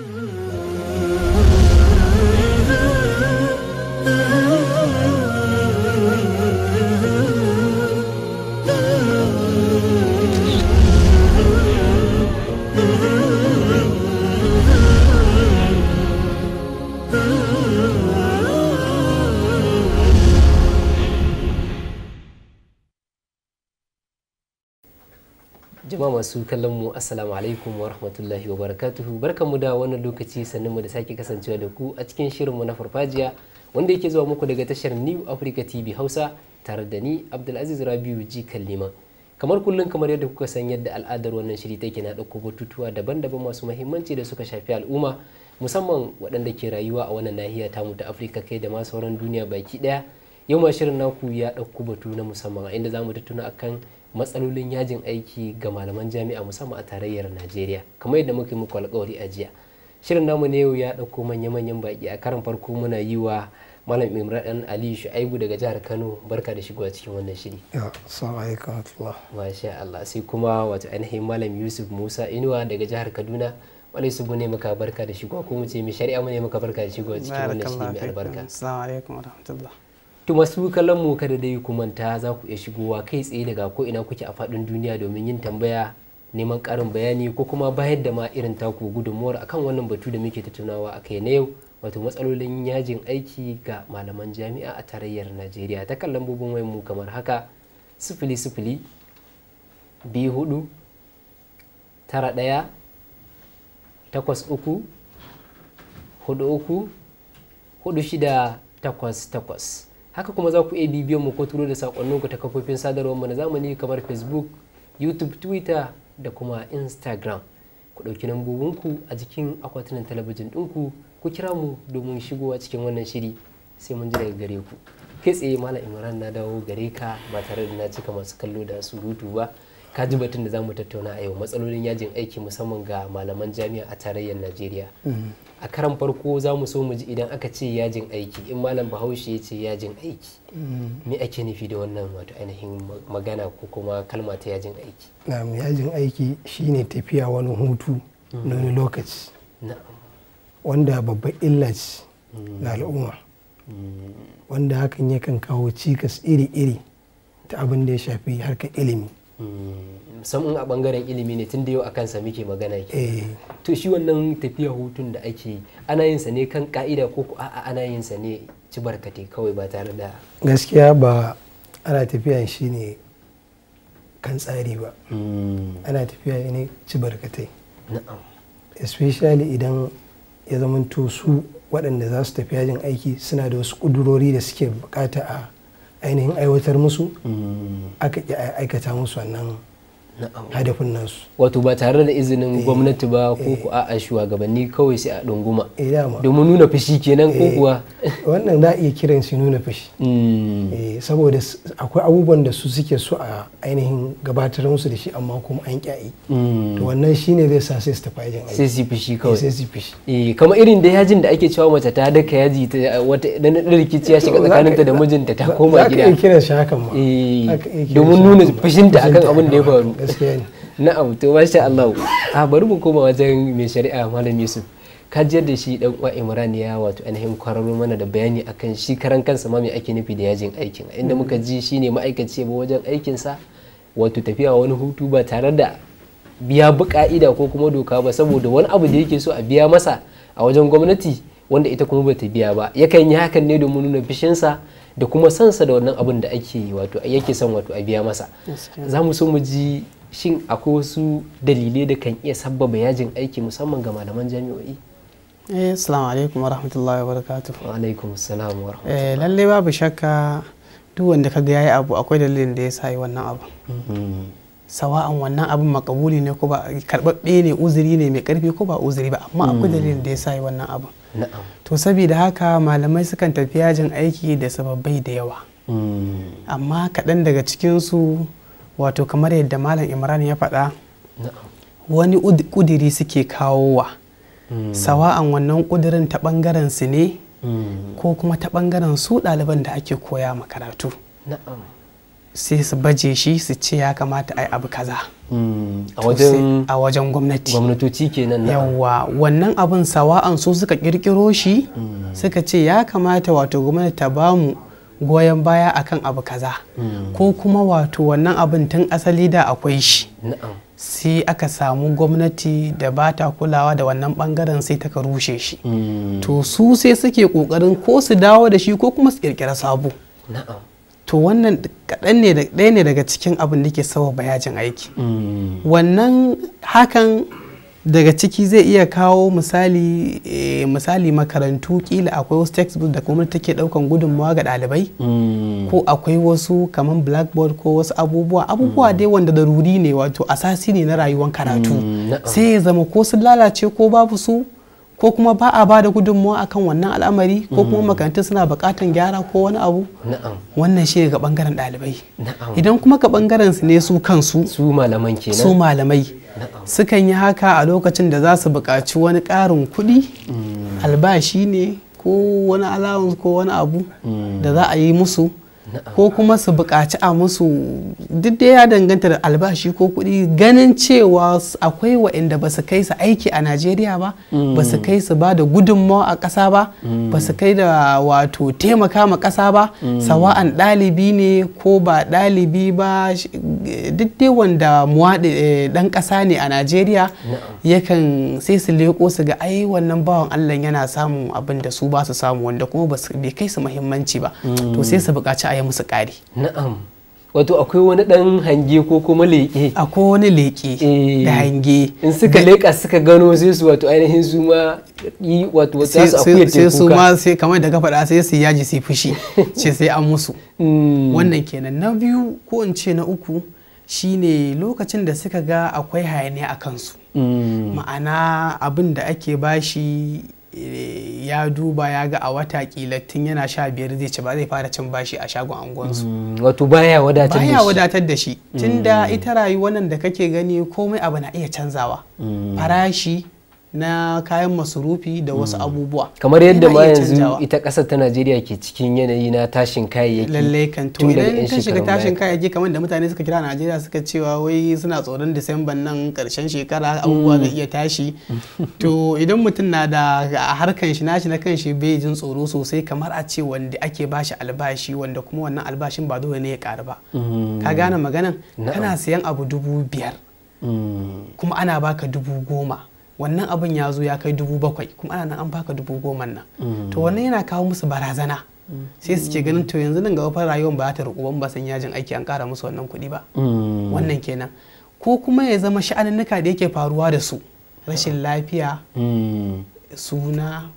Mm-hmm. masu kallonmu mu assalamu alaikum wa rahmatullahi wa barakatuhu barkanmu da wannan lokaci sannan mu da sake kasancewa da ku a cikin shirinmu na farfajiya wanda yake zuwa muku daga tashar New Africa TV Hausa tare da ni Abdulaziz Rabiu ji kallima kamar kullum kamar yadda kuka san yadda al'adar wannan shiri take na ɗauko batutuwa daban-daban masu mahimmanci da suka shafi al'umma musamman waɗanda ke rayuwa a wannan nahiya ta mu ta Afirka kai da ma sauran duniya baki ɗaya yau ma shirin naku ya ɗauko batu na musamman a inda za mu tattuna akan matsalolin yajin aiki ga malaman jami'a musamman a tarayyar najeriya kamar yadda muka yi muku alkawari a jiya shirin namu ne yau ya ɗauko manya-manyan baƙi a karan farko muna yi wa malam imran ali shu'aibu daga jihar kano barka da shigowa cikin wannan shiri masha allah sai kuma wato ainihin malam yusuf musa inuwa daga jihar kaduna wani su ne muka barka da shigowa ko mu ce mai shari'a mu ne muka barka da shigowa cikin wannan shiri mai albarka assalamu alaikum warahmatullahi To masu kallon mu kada dai ku manta za ku iya shigowa kai tsaye daga ko ina kuke a faɗin duniya domin yin tambaya neman ƙarin bayani ko kuma bayar da ma irin taku gudunmuwar akan wannan batu da muke tattaunawa a kai na yau wato matsalolin yajin aiki ga malaman jami'a a tarayyar Najeriya ta kallon bubun wayan mu kamar haka sifili sifili biyu hudu tara ɗaya takwas uku hudu uku hudu shida takwas takwas haka kuma za ku iya bibiyan mu ko turo da ku ta kafofin sadarwar mu na zamani kamar facebook youtube twitter da kuma instagram ku ɗauki ku a jikin akwatunan talabijin ɗinku ku kira mu domin shigowa cikin wannan shiri sai mun ji daga gare ku kai tsaye malam imran na dawo gare ka ba tare da na cika masu kallo da surutu ba ka ji batun da za mu tattauna a yau matsalolin yajin aiki musamman ga malaman jami'a a tarayyar najeriya a karan farko za mu so mu ji idan aka ce yajin aiki in malam bahaushe ya ce yajin aiki me ake nufi da wannan wato ainihin magana ko kuma kalma ta yajin aiki na'am yajin aiki shine tafiya wani hutu na wani lokaci wanda babban illa ce ga mm. al'umma mm. wanda hakan yakan kawo cikas iri-iri ta abin da ya shafi harkar ilimi musamman hmm. a bangaren ilimi ne tun da yau a kansa muke magana ke eh. to shi wannan tafiya hutun da ake ana yin sa ne kan ka'ida ko a'a ana yin sa ne ci barkate kawai ba tare da gaskiya ba ana tafiya shi ne kan tsari ba hmm. ana tafiya ne ci barkatai especially idan ya zamanto su waɗanda za su tafi yajin aiki suna da wasu ƙudurori da suke bukata a ainihin aiwatar musu mm. aka aikata musu wannan hadafin nasu wato ba tare da izinin eh. gwamnati ba ko eh. ku a'a shugabanni kawai sai a ɗunguma eh, domin nuna fushi kenan ko kuwa wannan za iya kiran su nuna fushi hmm. saboda akwai abubuwan da su suke so a ainihin gabatar musu da shi amma kuma an kyayi hmm. to wannan shine zai sa sai su tafi yajin aiki sai su fushi kawai sai su fushi kamar irin da yajin da ake cewa mace ta daka yaji ta wata dan rikici ya shiga tsakaninta da mijinta ta koma gida za ka iya kiran shi hakan ma domin nuna fushinta akan abin da ya faru ne na'am to masha Allah a ah, bari mu koma wajen mai shari'a malam Yusuf ka jiyar da shi dan uwa Imran ya wato ainihin kwararo mana da bayani akan shi karan kansa ma me ake nufi da yajin aikin inda muka ji shi ne ma'aikaci ba wajen aikin sa wato tafiya wani hutu ba tare da biya buƙa'ida ko kuma doka ba saboda wani abu da yake so a biya masa a wajen gwamnati wanda ita kuma bata biya ba yakan yi hakan ne domin nuna fishinsa da kuma sansa da wannan abin da ake wato yake son wato a biya masa za mu so mu ji shin akwai wasu dalilai da kan iya sabbaba yajin aiki musamman ga malaman jami'o'i eh assalamu alaikum warahmatullahi wabarakatuh wa alaikum assalam wa eh lalle babu shakka duk wanda kaga yayi abu akwai dalilin da ya sa yi wannan abu mm-hmm. sawa'an wannan abin makabuli ne ko ba karbabbe ne uzuri ne mai karfi ko ba uzuri ba amma akwai mm. dalilin da ya sa yi wannan Na'am. to saboda haka malamai sukan tafi yajin aiki da sababbai da yawa mm. amma kaɗan daga cikinsu wato kamar yadda malam imran ya faɗa wani ƙudiri suke kawowa hmm. sawa'an wannan kudirin ta ɓangaren su ne hmm. ko kuma ta ɓangaren su ɗaliban da ake koya ma karatu sai su baje shi su ce ya kamata a yi abu kaza hmm. a wajen gwamnati Yawwa, wannan abin sawa'an su suka ƙirƙiro shi suka ce ya kamata wato gwamnati ta bamu goyon baya akan abu kaza hmm. ko kuma wato wannan abin tun asali da akwai shi sai aka samu gwamnati da ba ta kulawa da wannan bangaren sai ta rushe shi hmm. to su sai suke kokarin ko su dawo da shi ko kuma su kirkira sabo to wannan kaɗan ne daga cikin abin da ke sawa bayajin aiki hmm. wannan hakan daga ciki zai iya kawo misali eh, misali makarantu kila akwai wasu textbook da kuma take daukan gudunmawa ga dalibai mm. ko akwai wasu kamar blackboard ko wasu abubuwa abubuwa mm. dai wanda daruri ne wato asasi ne na rayuwar karatu mm, sai ya zama ko sun lalace ko babu su ko kuma ba a ba da a akan wannan al'amari ko kuma mm. makarantar suna bukatan gyara ko wani abu wannan shi ga bangaren ɗalibai idan kuma ka bangaren su ne su kansu su malaman su malamai sukan yi haka a lokacin da za su buƙaci wani ƙarin kuɗi mm. albashi ne ko wani alawun ko wani abu mm. da za a yi musu ko kuma su buƙaci a musu duk da ya danganta da albashi ko kuɗi ganin cewa akwai waɗanda ba su kai su aiki a najeriya ba mm. ba su kai su ba da gudunmawa a ƙasa ba ba su mm. kai da wato taimaka ma ƙasa ba mm. sawa'an ɗalibi ne ko ba ɗalibi ba duk da wanda muwaɗi eh, ɗan ƙasa ne a najeriya yakan sai su leƙo su ga ai wannan bawan allah yana samun abin da su ba su samu wanda kuma bai kai su muhimmanci ba to sai su buƙaci a ya musu ƙari na'am wato akwai wani ɗan hange ko kuma leƙe akwai wani leƙe eh. da hange in suka leƙa suka gano sai su wato ainihin su ma yi wato wata su akuyar sai su ma sai kamar da faɗa sai su yaji su fushi ce sai an musu hmm. wannan kenan na biyu ko in ce na uku shine lokacin da suka ga akwai hayaniya a kansu hmm. ma'ana abin da ake bashi ya duba ya ga a wata kila tun yana sha biyar zai ci ba zai fara cin bashi a shagon angonsu. Mm, wato baya wadatar da shi baya wadatar da shi tunda mm. ita rayuwar nan da kake gani komai abu na iya canzawa mm. farashi na kayan masurufi da wasu hmm. abubuwa kamar yadda ma yanzu ita kasar ta najeriya ke cikin yanayi na tashin kayayyaki lallai kan to idan ka shiga tashin kayayyaki kamar da mutane suka kira najeriya suka cewa wai suna tsoron disamban nan karshen shekara abubuwa zai hmm. iya tashi to idan mutum na da harkan shi nashi na kan shi bai jin tsoro sosai kamar a ce wanda ake bashi albashi wanda kuma wannan albashin ba dole ne ya karu ba hmm. ka gane maganan kana siyan abu dubu biyar kuma ana baka dubu goma wannan abin ya zo ya kai dubu bakwai kuma ana nan an baka dubu goma nan to wannan yana kawo musu barazana sai su ke ganin to yanzu nan gaba rayuwar ba ta rukuban ba san yajin aiki an kara musu wannan kuɗi ba mm. wannan kenan ko kuma ya zama sha'aninnuka da yake faruwa da su rashin lafiya mm. suna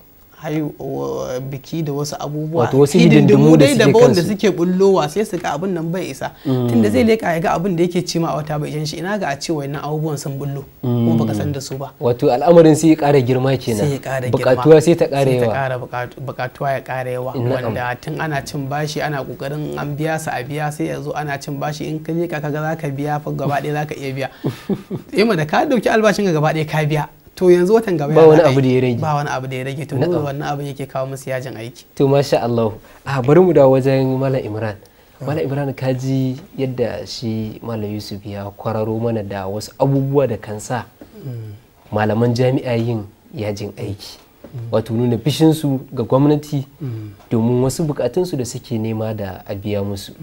biki da wasu abubuwa hidindimu dai da bawon da suke bullowa sai su ga abin nan bai isa mm. tunda zai leka ya ga abin da yake cima a wata bai shi ina ga a ce wayannan abubuwan sun bullo kuma baka san da su ba wato al'amarin sai ya ƙara girma kenan sai ya ƙara girma bukatuwa sai ta ƙara yawa ƙara bukatuwa ya ƙara yawa wanda tun ana cin bashi ana kokarin an biya su a biya sai yanzu ana cin bashi in ka leka kaga zaka biya fa gaba ɗaya zaka iya biya ima eh da ka dauki albashin ka gaba ɗaya ka biya to yanzu watan gaba ba wani abu da ya rage ba wani abu da ya rage to ne wannan abu yake kawo musu yajin aiki to masha Allah a ah, bari mu da wajen Malam Imran ah. Malam Imran ka ji yadda shi Malam Yusuf ya kwararo mana da wasu abubuwa da kansa mm. malaman jami'a yin yajin aiki mm. wato nuna fishinsu ga gwamnati mm. domin wasu bukatunsu da suke nema da a biya musu.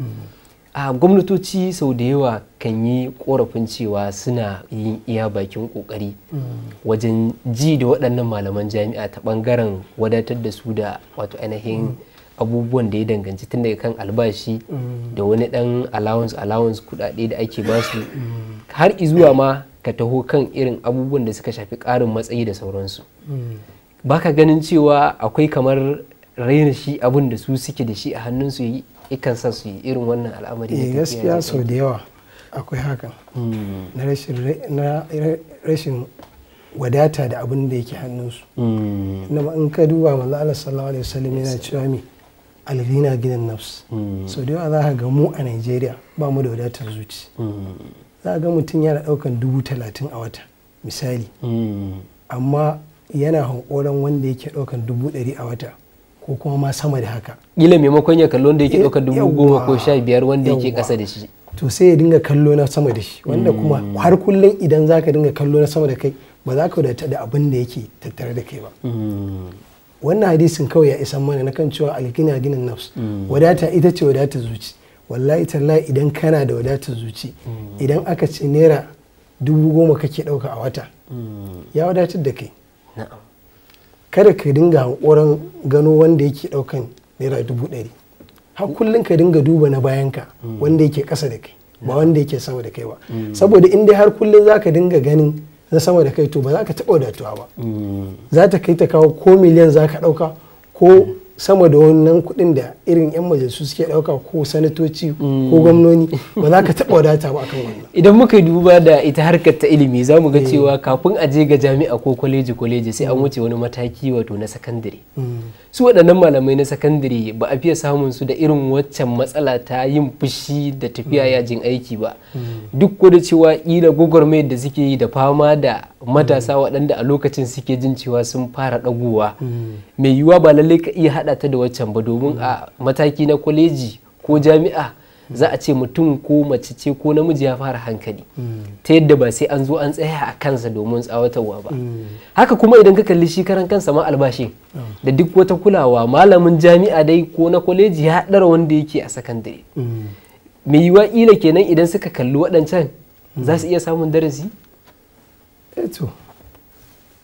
a ah, gwamnatoci sau da yawa kan yi korafin cewa suna yin iya bakin kokari mm. wajen ji da waɗannan malaman jami'a ta ɓangaren wadatar da su da wato ainihin mm. abubuwan da ya danganci tun daga kan albashi mm. da wani ɗan allowance allowance kuɗaɗe da ake basu har izuwa ma ka taho kan irin abubuwan da suka shafi ƙarin matsayi da sauransu baka ganin cewa akwai kamar raina shi abin da su suke da shi a hannunsu ikan san su yi irin wannan al'amari ne eh, gaskiya sau da yawa akwai hakan na rashin wadata da abin da yake hannunsu hmm. na in ka duba ma. Allah sallallahu alaihi wasallam yana cewa mi alghina gidan nafs hmm. sau da yawa za ka ga mu a Najeriya ba mu da wadatar zuci hmm. za a ga mutum yana daukan dubu talatin a wata misali amma yana hankoron wanda yake daukan dubu dari a wata ko kuma ma sama da haka gila maimakon ya kallo wanda yake ɗaukar dubu goma ko sha biyar wanda yake ƙasa da shi to sai ya dinga kallo na sama da shi wanda kuma hmm. har kullum idan za ka dinga kallo na sama da kai ba za ka wadata da abin da yake tattare da kai ba hmm. wannan hadisin kawai ya isa mana na kan cewa alkina ginin nafs hmm. wadata ita ce wadata zuci wallahi tallahi idan kana da wadatar zuci idan aka ce naira dubu goma kake ɗauka a wata ya wadatar da kai kada ka dinga hankoran gano wanda yake daukan naira dubu ɗari har kullum ka dinga duba na bayanka wanda yake ƙasa da kai ba wanda yake sama da kai ba saboda in dai har kullum za ka dinga ganin na sama da kai to ba za ka taɓa wadatuwa ba mm. za ta kai ta kawo ko miliyan za ka ɗauka ko sama da wannan kuɗin da irin 'yan majalisu suke ɗauka ko sanatoci ko gwamnoni ba za ka taɓa wadata ba akan wannan idan muka yi duba da ita harkar ta ilimi za mu ga eh. cewa kafin a je ga jami'a ko kwaleji kwaleji sai an wuce wani mataki wato na sakandare mm. su waɗannan malamai na sakandare ba a fiye samun su da irin waccan matsala ta yin fushi da tafiya mm. yajin aiki ba mm. duk ko da cewa ƙila gwagwarmayar da suke yi da fama da matasa mm. waɗanda a lokacin suke jin cewa sun fara ɗagowa mai yiwuwa ba lallai ka iya haɗa ta da waccan ba domin a mataki na kwaleji ko jami'a za a ce mutum ko mace ce ko namiji ya fara hankali ta yadda ba sai an zo an tsaya a kansa domin tsawatarwa ba haka kuma idan ka kalli shi karan kansa ma albashi da duk wata kulawa malamin jami'a dai ko na kwaleji ya haɗara wanda yake a sakandare mai yiwa ila kenan idan suka kalli waɗancan za su iya samun darasi eh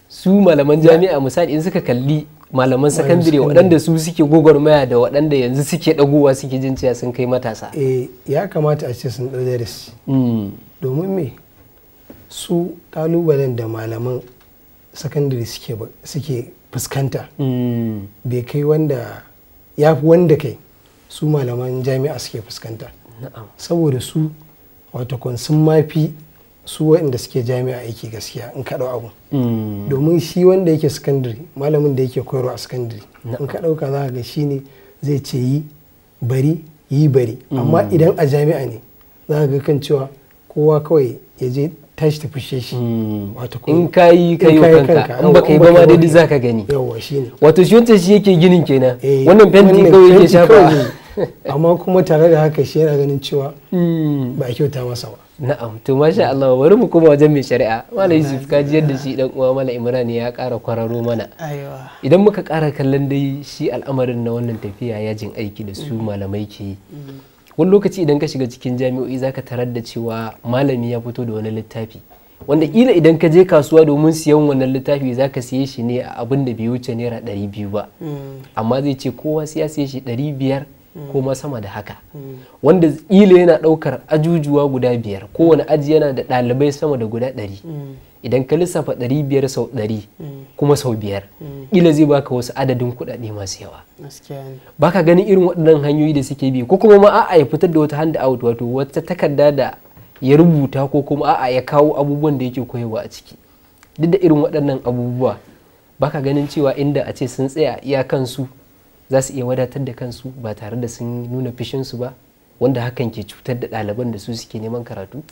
su malaman jami'a misali in suka kalli malaman sakandare waɗanda su suke gwagwarmaya da waɗanda yanzu suke ɗagowa suke jin cewa sun kai matasa eh ya kamata a ce sun da shi hmm. domin me su ƙalubalen da malaman sakandare suke fuskanta hmm. bai kai wanda ya fi wanda kai su malaman jami'a suke fuskanta saboda su watakon sun mafi su waɗanda suke jami'a aiki gaskiya in ka ɗau abu mm. domin shi wanda yake sakandare malamin da yake koyarwa a sakandare in ka ɗauka za ka ga shi ne zai ce yi bari yi bari mm. amma idan a jami'a ne za ka ga kan cewa kowa kawai ya je tashi ta fushe shi mm. wato in ka yi ka yi kanka in baka yi ba ma daidai za ka gani yawa shi ne wato shi wancan shi yake ginin kenan eh, wannan fenti kawai yake shafa amma kuma tare da haka shi yana ganin cewa ba a kyauta masa ba na'am to masha Allah bari mu kuma wajen mai shari'a malam Yusuf ka ji yadda shi dan uwa malam Imran ya ƙara kwararo mana idan muka ƙara kallon dai shi al'amarin na wannan tafiya ya jin aiki da su mm. malamai ke yi mm. wani lokaci idan ka shiga cikin jami'o'i zaka tarar da cewa malami ya fito da wani littafi wanda kila idan ka je kasuwa domin siyan wannan littafi zaka siye shi ne a abin da bai wuce naira ɗari biyu ba mm. amma zai ce kowa sai ya siye shi ɗari biyar ko ma sama da haka wanda ƙila yana daukar ajujuwa guda biyar kowane aji yana da ɗalibai sama da guda ɗari idan ka lissafa ɗari biyar sau ɗari kuma sau biyar ila zai baka wasu adadin kuɗaɗe masu yawa baka ganin irin waɗannan hanyoyi da suke bi ko kuma ma a'a ya fitar da wata hand out wato wata takarda da ya rubuta ko kuma a'a ya kawo abubuwan da yake koyarwa a ciki duk da irin waɗannan abubuwa baka ganin cewa inda a ce sun tsaya iyakansu za su iya wadatar da kansu ba tare da sun nuna fishinsu ba wanda hakan ke cutar da ɗaliban da su suke neman karatu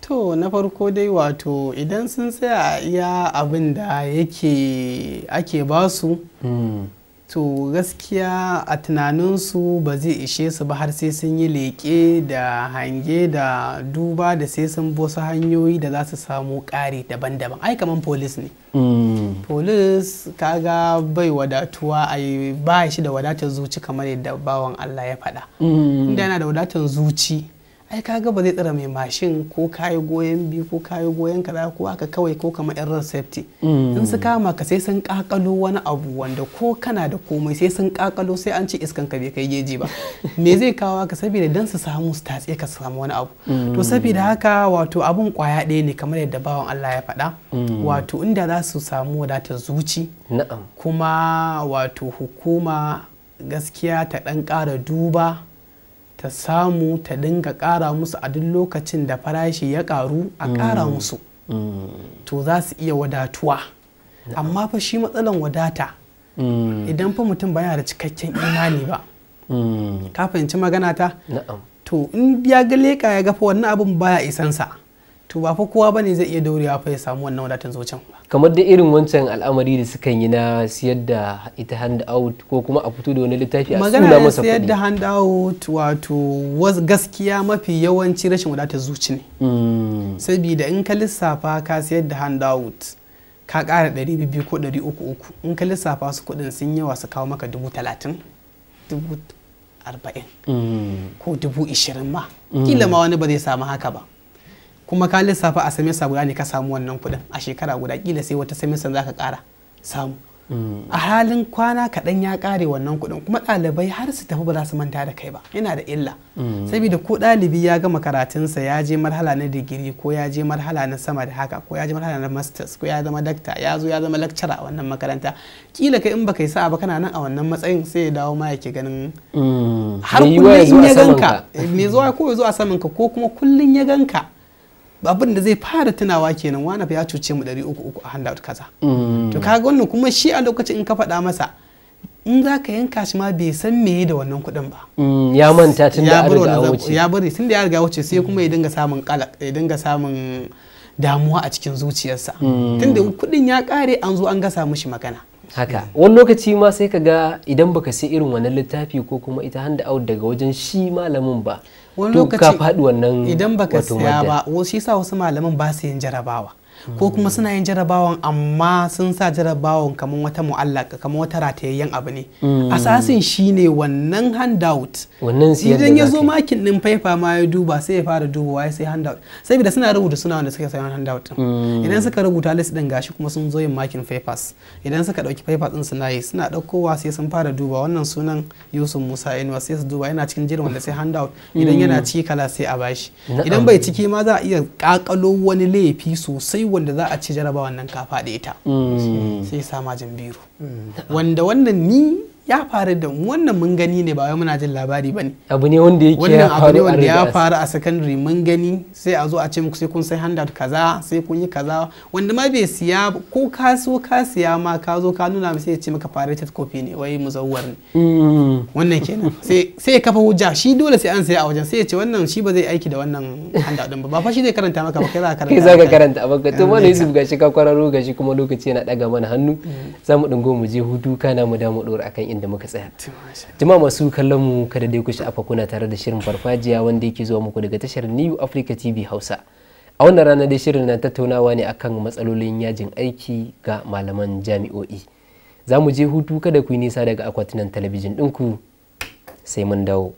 to na farko dai wato idan sun tsaya iya abin da yake ake basu mm. to gaskiya a tunaninsu ba zai ishe su ba har sai sun yi leƙe da hange da duba da sai sun bosa hanyoyi da za su samu ƙari daban-daban ai kamar polis ne mm. polis kaga bai wadatuwa a ba shi da wadatar zuci kamar yadda bawan allah ya faɗa mm. inda yana da wadatar zuci ai kaga ba zai tsara mai mashin ko kayi goyon biyu ko kayi goyon kaza ko haka kawai ko kamar yan safety in su kama ka sai sun kakalo wani abu wanda ko kana da komai sai sun kakalo sai an ce iskan ka bai kai geji ba me zai kawo ka Sabida dan su samu su tatse ka samu wani abu to saboda haka wato abun kwaya ɗaya ne kamar yadda bawan Allah ya faɗa mm. wato inda za su samu wadatar zuci kuma wato hukuma gaskiya ta ɗan ƙara duba ta samu ta dinga ƙara musu a duk lokacin da farashi ya ƙaru a kara mm. musu mm. to za su iya wadatuwa amma fa shi matsalan wadata mm. idan fa mutum baya da cikakken imani ba ka fahimci magana ta to in ya ga leka ya ga fa wannan abin baya isansa to ba fa kowa bane zai iya daurewa fa ya samu wannan wadatar zuciyan kamar da irin wancan al'amari da suka yi na siyar da ita hand out ko kuma a fito da wani littafi a suna masa siyar da hand out wato gaskiya mafi yawanci rashin wadatar zuci ne hmm. saboda in ka lissafa ka siyar da hand out ka kara ɗari biyu ko ɗari uku uku in ka lissafa su kuɗin sun yawa su kawo maka dubu talatin dubu arba'in hmm. ko dubu ishirin ma hmm. kila ma wani ba zai samu haka ba kuma ka lissafa a semester guda ne ka samu wannan kuɗin a shekara guda kila sai wata semester za ka ƙara samu mm. a halin kwana kaɗan ya ƙare wannan kuɗin kuma ɗalibai har su tafi ba za su manta da kai ba yana da illa mm. saboda ko ɗalibi ya gama karatunsa ya je marhala na digiri ko ya je marhala na sama da haka ko ya je marhala na masters ko ya zama dakta ya zo ya zama lecturer a wannan makaranta kila kai in baka yi sa'a ba kana nan a wannan matsayin sai ya dawo ma yake ganin mm. har kullum ya ganka eh, me zuwa ko ya zo a saman ka ko kuma kullum ya ganka abin da zai fara tunawa kenan wani ya cuce mu uku a handout kaza mm. to kaga wannan kuma shi a lokacin in ka faɗa masa in za ka yanka shi ma bai san yi da wannan kuɗin ba mm, ya manta tun da ya wuce ya bari tun da ya riga wuce sai kuma ya dinga samun kalak ya dinga samun damuwa a cikin zuciyarsa mm. tun da kuɗin ya kare an zo an gasa mishi magana haka wani lokaci ma sai ka ga idan baka sai irin wannan littafi ko kuma ita handa daga wajen shi malamin ba wani lokaci idan ba ka idan baka siya ba wasu yasa wasu malaman ba su yin jarabawa ko hmm. kuma suna yin jarabawan amma sun sa jarabawan kamar wata mu'allaka kamar wata ratayayyen abu ne hmm. asasin shine wannan handout wannan siyar idan ya zo makin din faifa ma ya duba sai ya fara duba ya sai handout saboda suna rubuta suna wanda suka sayan handout din hmm. idan suka rubuta list din gashi kuma sun zo yin makin faifas idan suka dauki faifas din suna yi suna daukowa sai sun fara duba wannan sunan Yusuf Musa Inuwa sai su duba yana cikin jirin wanda sai handout idan yana ciki kala sai a bashi idan bai ciki ma za a iya kakalo wani laifi sosai abubuwan da za a ci jarabawan nan kafa da ita mm. sai majin biru mm. wanda wannan ni ya faru da wannan mun gani ne ba wai muna jin labari ne abu ne wanda yake wannan abu ne wanda ya faru a secondary mun gani sai a zo a ce muku sai kun sai handout kaza sai kun yi kaza wanda ma bai siya ko ka so ka siya ma ka zo ka nuna sai ya ce maka pirated copy ne wai muzawwar ne mm. wannan kenan sai sai ya kafa hujja shi dole sai an sai a wajen sai ya ce wannan shi ba zai aiki da wannan handout din ba ba fa shi zai karanta maka ba kai za ka karanta kai za ka karanta ba to mana Yusuf gashi ka kwararo gashi kuma lokaci yana daga mana hannu mm. za mu dingo mu je hutu kana mu da mu dora akan inda muka tsaya jama'a masu kallon mu kada dai ku afa kuna tare da shirin farfajiya wanda yake zuwa muku daga tashar new africa tv hausa a wannan rana dai shirin na tattaunawa ne akan matsalolin yajin aiki ga malaman jami'o'i za mu je hutu kada ku yi nisa daga akwatunan talabijin ɗinku sai mun dawo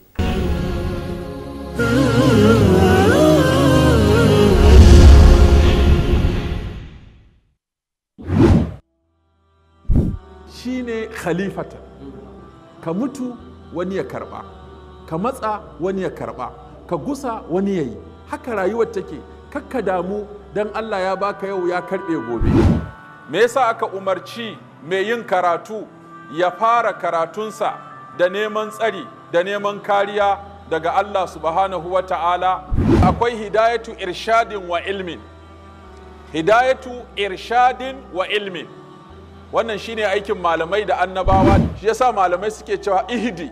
shine khalifata ka mutu wani ya karba ka matsa wani ya karba ka gusa wani ya yi haka rayuwar take kakka damu don allah ya baka yau ya karbe gobe me yasa aka umarci mai yin karatu ya fara karatunsa da neman tsari da neman kariya daga allah subhanahu wa ta'ala akwai hidayatu irshadin wa ilmin hidayatu irshadin wa ilmin wannan shine aikin malamai da annabawa shi yasa malamai suke cewa ihdi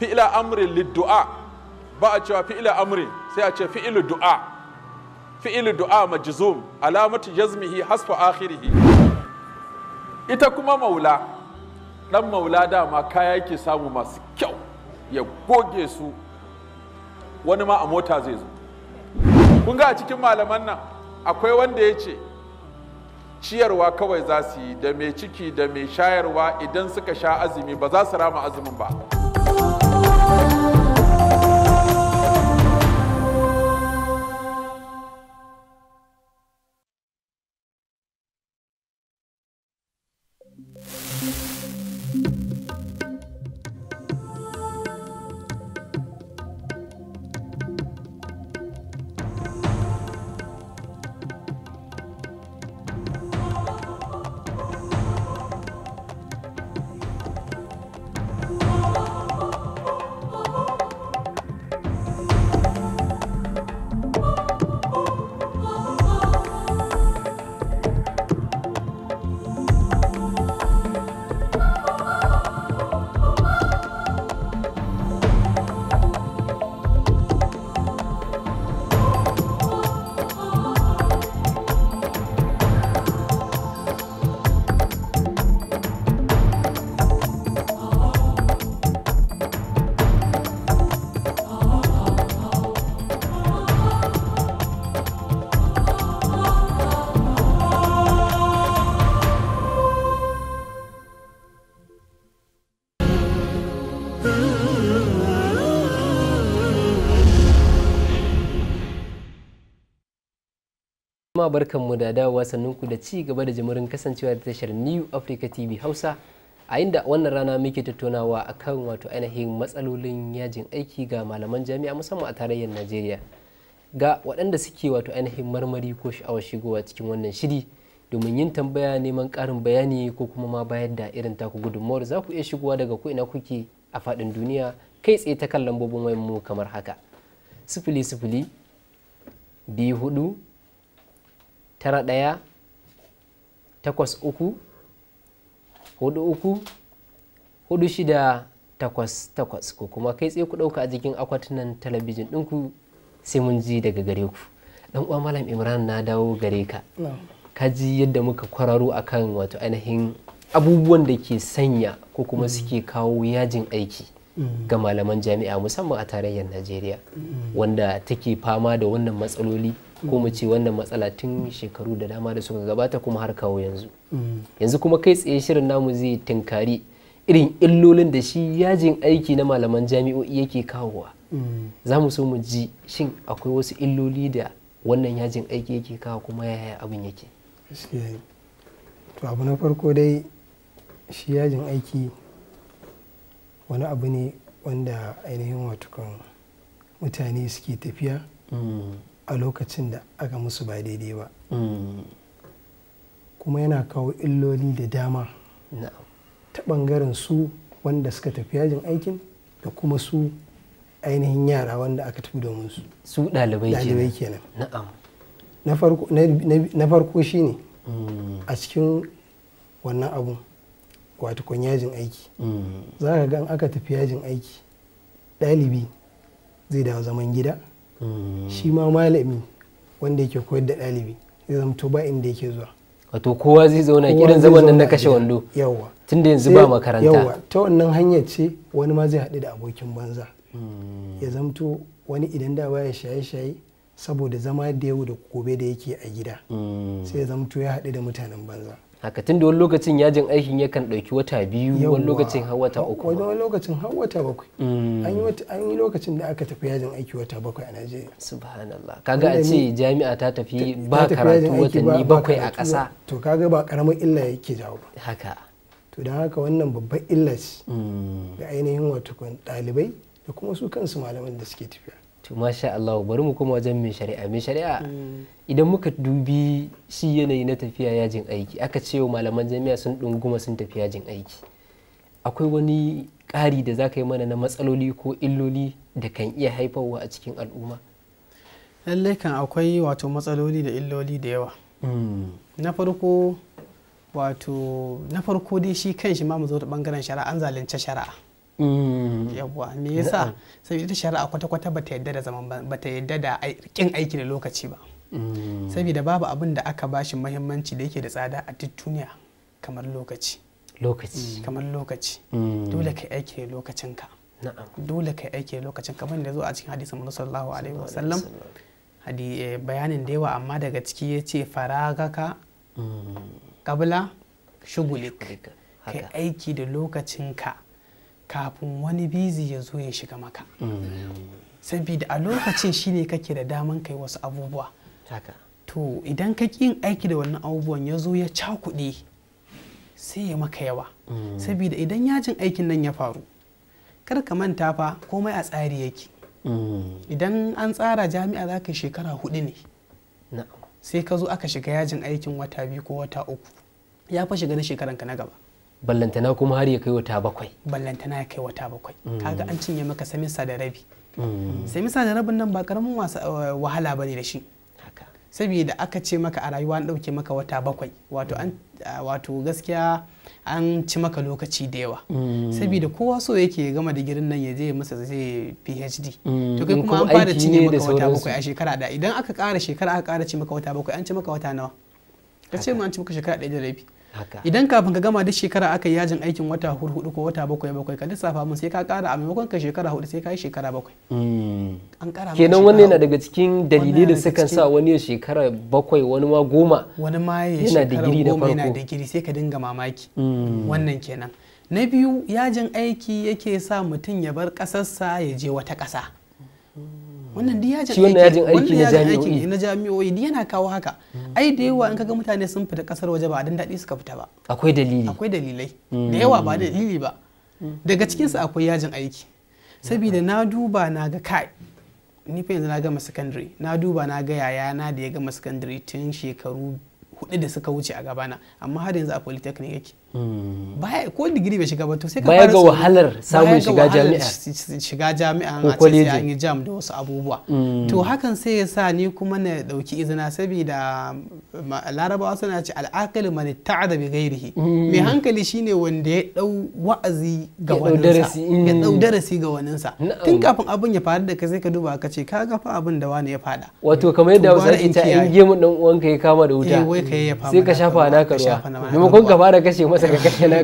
fi'la amrin liddu'a ba a cewa fi'la amrin sai a ce fi'lu du'a fi'lu du'a majzum alamatu jazmihi hasfa akhirihi ita kuma maula dan maula dama kaya yake samu masu kyau ya goge su wani ma a mota zai zo kun ga a cikin malaman nan akwai wanda ya ce ciyarwa kawai za su yi da mai ciki da mai shayarwa idan suka sha azumi ba za su rama azumin ba jama'a mu da dawowa ku da ci gaba da jimirin kasancewa da tashar New Africa TV Hausa a inda wannan rana muke tattaunawa akan wato ainihin matsalolin yajin aiki ga malaman jami'a musamman a tarayyar Najeriya ga waɗanda suke wato ainihin marmari ko sha'awar shigowa cikin wannan shiri domin yin tambaya neman karin bayani ko kuma ma bayar da irin taku gudunmawar za ku iya shigowa daga ko ina kuke a faɗin duniya kai tsaye ta kan lambobin wayanmu kamar haka sifili sifili biyu hudu tara ɗaya takwas uku hudu uku hudu shida takwas takwas ko kuma kai tsaye ku ɗauka a jikin akwatunan talabijin ɗinku sai mun ji daga gare ku dan uwa malam imran na dawo gare ka ka ji yadda muka kwararo a kan wato ainihin abubuwan da ke sanya ko kuma mm. suke kawo yajin aiki mm. ga malaman jami'a musamman a tarayyar najeriya mm. wanda take fama da wannan matsaloli ko mu ce wannan matsala tun shekaru da dama da suka gabata kuma har kawo yanzu mm. yanzu kuma kai tsaye shirin namu zai tunkari irin illolin da shi yajin aiki na malaman jami'o'i yake kawowa mm. za mu so mu ji shin akwai wasu illoli da wannan yajin aiki yake kawo kuma yaya abin yake abu na farko dai shi yajin aiki wani abu ne wanda ainihin watukan mutane suke tafiya mm. a lokacin da aka musu ba daidai ba mm. kuma yana kawo illoli da dama ta ɓangaren su wanda suka tafi yajin aikin da kuma su ainihin yara wanda aka tafi domin su su ɗalibai kenan na farko shi ne. Mm. a cikin wannan abun wato yajin aiki mm. za ka ga aka tafi yajin aiki ɗalibi zai dawo zaman gida shi ma malami wanda yake koyar da ɗalibi zai zamto ba inda yake zuwa wato kowa zai zauna kiran zaman nan na kashe wando yawa tun yanzu ba makaranta yawa ta wannan hanyar ce wani ma zai haɗu da abokin banza hmm. ya zamto wani idan da baya shaye-shaye saboda zama da yau da gobe da yake a gida hmm. sai ya zamto ya haɗu da mutanen banza haka tun da wani lokacin yajin aikin yakan ɗauki wata biyu wani lokacin har wata uku wani lokacin har wata bakwai mm. an yi lokacin da aka tafi yajin aiki wata bakwai a najeriya subhanallah kaga a ce jami'a ta tafi ba karatu watanni bakwai a ƙasa to kaga ba karamin illa yake jawo ba haka to don haka wannan babban illa ce mm. ga ainihin wato ɗalibai da kuma su kansu malaman da suke tafiya to masha Allah bari mu koma wajen mai shari'a mai shari'a mm. idan muka dubi shi yanayi na tafiya yajin aiki aka ce wa malaman jami'a sun ɗunguma sun tafi yajin aiki akwai wani ƙari da za ka yi mana na matsaloli ko illoli da kan iya haifarwa a cikin al'umma lallai kan akwai wato matsaloli da illoli da yawa mm. na farko wato na farko dai shi kan shi ma mu zo ta bangaren shari'a an zalunce shari'a Mm. yawwa me yasa saboda ita shari'a kwata-kwata bata yadda da zaman bata yadda da kin aiki da lokaci ba mm. saboda babu abin da aka bashi muhimmanci da yake da tsada a duniya kamar lokaci lokaci mm, kamar lokaci dole ka aiki da lokacinka dole ka aiki da lokacin kamar da zo a cikin hadisin manzo sallallahu alaihi wasallam hadi eh, bayanin da yawa amma daga ciki yace faragaka kabla shugulik ka aiki da lokacinka kafin wani bizi ya zo ya shiga maka mm. saboda a lokacin shi ne kake da daman kai wasu abubuwa to idan ka yin aiki da wannan abubuwan ya zo ya ca cakuɗe sai ya maka yawa mm. saboda idan yajin aikin nan ya faru kar ka manta fa komai a tsari yake mm. idan an tsara jami'a za ka shekara hudu ne sai ka zo aka shiga yajin aikin wata biyu ko wata uku ya fa shiga na shekaranka na gaba ballantana kuma har ya kai wata bakwai ballantana ya kai wata bakwai mm. kaga an cinye maka samisa da rabi mm. samisa da rabin nan ba karamin eh, wahala bane da shi saboda aka ce maka a rayuwa an ɗauke maka wata bakwai wato an mm. ah, wato gaskiya an ci maka lokaci da yawa saboda kowa so yake gama digirin nan ya je masa zai phd to kai kuma an fara cinye maka wata bakwai a shekara da idan aka ƙara shekara aka ƙara ci maka wata bakwai an ci maka wata nawa ka ce mu an ci maka shekara ɗaya da rabi idan kafin ka gama duk shekara aka yi yajin aikin wata hudu ko wata bakwai bakwai ka lissafa mun sai ka kara a maimakon ka shekara hudu sai ka yi shekara bakwai hmm. an kara kenan wannan yana daga cikin dalilai da sukan sa wani ya shekara bakwai wani ma goma wani ma ya shekara goma yana digiri sai ka dinga mamaki hmm. wannan kenan na biyu yajin aiki yake sa mutum ya bar ƙasarsa ya je wata ƙasa wannan duk yajin aiki yajin aiki na jami'o'i na yana kawo haka hmm. ai da yawa in kaga mutane sun fita kasar waje ba dan daɗi suka fita ba akwai dalili akwai dalilai da hmm. yawa ba dalili ba hmm. daga cikin su akwai yajin aiki saboda na duba na ga kai ni fa yanzu na gama secondary na duba na ga yaya na da ya gama secondary tun shekaru hudu da suka wuce a gabana amma har yanzu a polytechnic yake Hmm. baya ko digiri bai shiga ba to sai ka baya ga wahalar samun shiga jami'a shiga jami'a a ce an yi jam da wasu abubuwa hmm. to hakan sai ya sa ni kuma na dauki izina saboda larabawa suna ce al'akali man ta'ada bi ghairihi hmm. mai hankali shine wanda ya dau wa'azi ga waninsa ya dau darasi ga sa. tun kafin abin ya faru da ka sai ka duba ka ce ka ga fa abin da wani ya fada wato kamar yadda wasu ita ta in gemun dan uwanka ya kama da wuta eh, sai ka shafa naka ruwa maimakon ka fara kashe masa sai ka na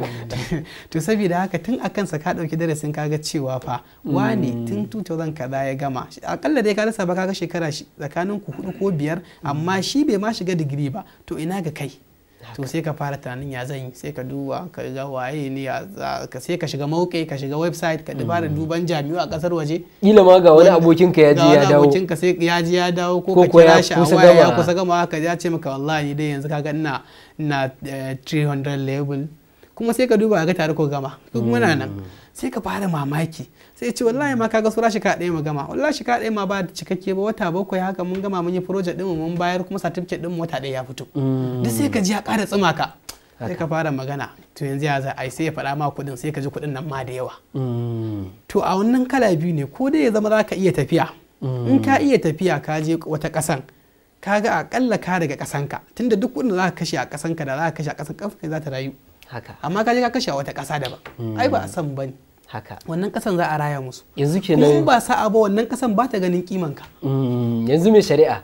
to saboda haka tun a kansa ka dauki darasin kaga cewa fa wane mm. tun 2000 kaza ya gama akalla dai ka rasa ba kaga shekara tsakanin ku hudu ko biyar amma shi bai ma shiga digiri ba to ina ga kai to sai ka fara tunanin ya zan yi sai ka duba ka ga waye ne ka sai ka shiga mauke ka shiga website ka fara mm. duban jami'u a kasar waje kila ma ga wani abokin ka ya ji ya dawo abokin ka sai ya ji ya dawo ko ka kira shi a waya ya kusa gama ka ya ce maka wallahi dai yanzu kaga ina na 300 eh, level kuma sai ka duba ga tare ko gama duk muna nan mm. sai ka fara mamaki sai ce wallahi ma kaga sura shi ka ɗaya mu gama wallahi ka ɗaya ma ba cikakke ba wata bakwai haka mun gama mun yi project ɗin mun bayar kuma certificate ɗin wata ɗaya ya fito mm. duk sai ka ji ya ƙara tsuma ka sai ka fara magana to yanzu ya za ai sai ya faɗa ma kuɗin sai ka ji kuɗin nan ma da yawa mm. to a wannan kala biyu ne ko dai ya zama za ka iya tafiya in ka mm. iya tafiya ka je wata ƙasan ka ga aƙalla ka daga ƙasanka tunda duk kuɗin za ka kashe a ƙasanka da za ka kashe a ƙasan ƙasanka za ta rayu amma ka je ka kashe a wata ƙasa daban ai ba a san bane haka wannan kasan za a raya musu yanzu kenan nan ba sa'a ba wannan kasan ba ta ganin kiman ka mm, yanzu mai shari'a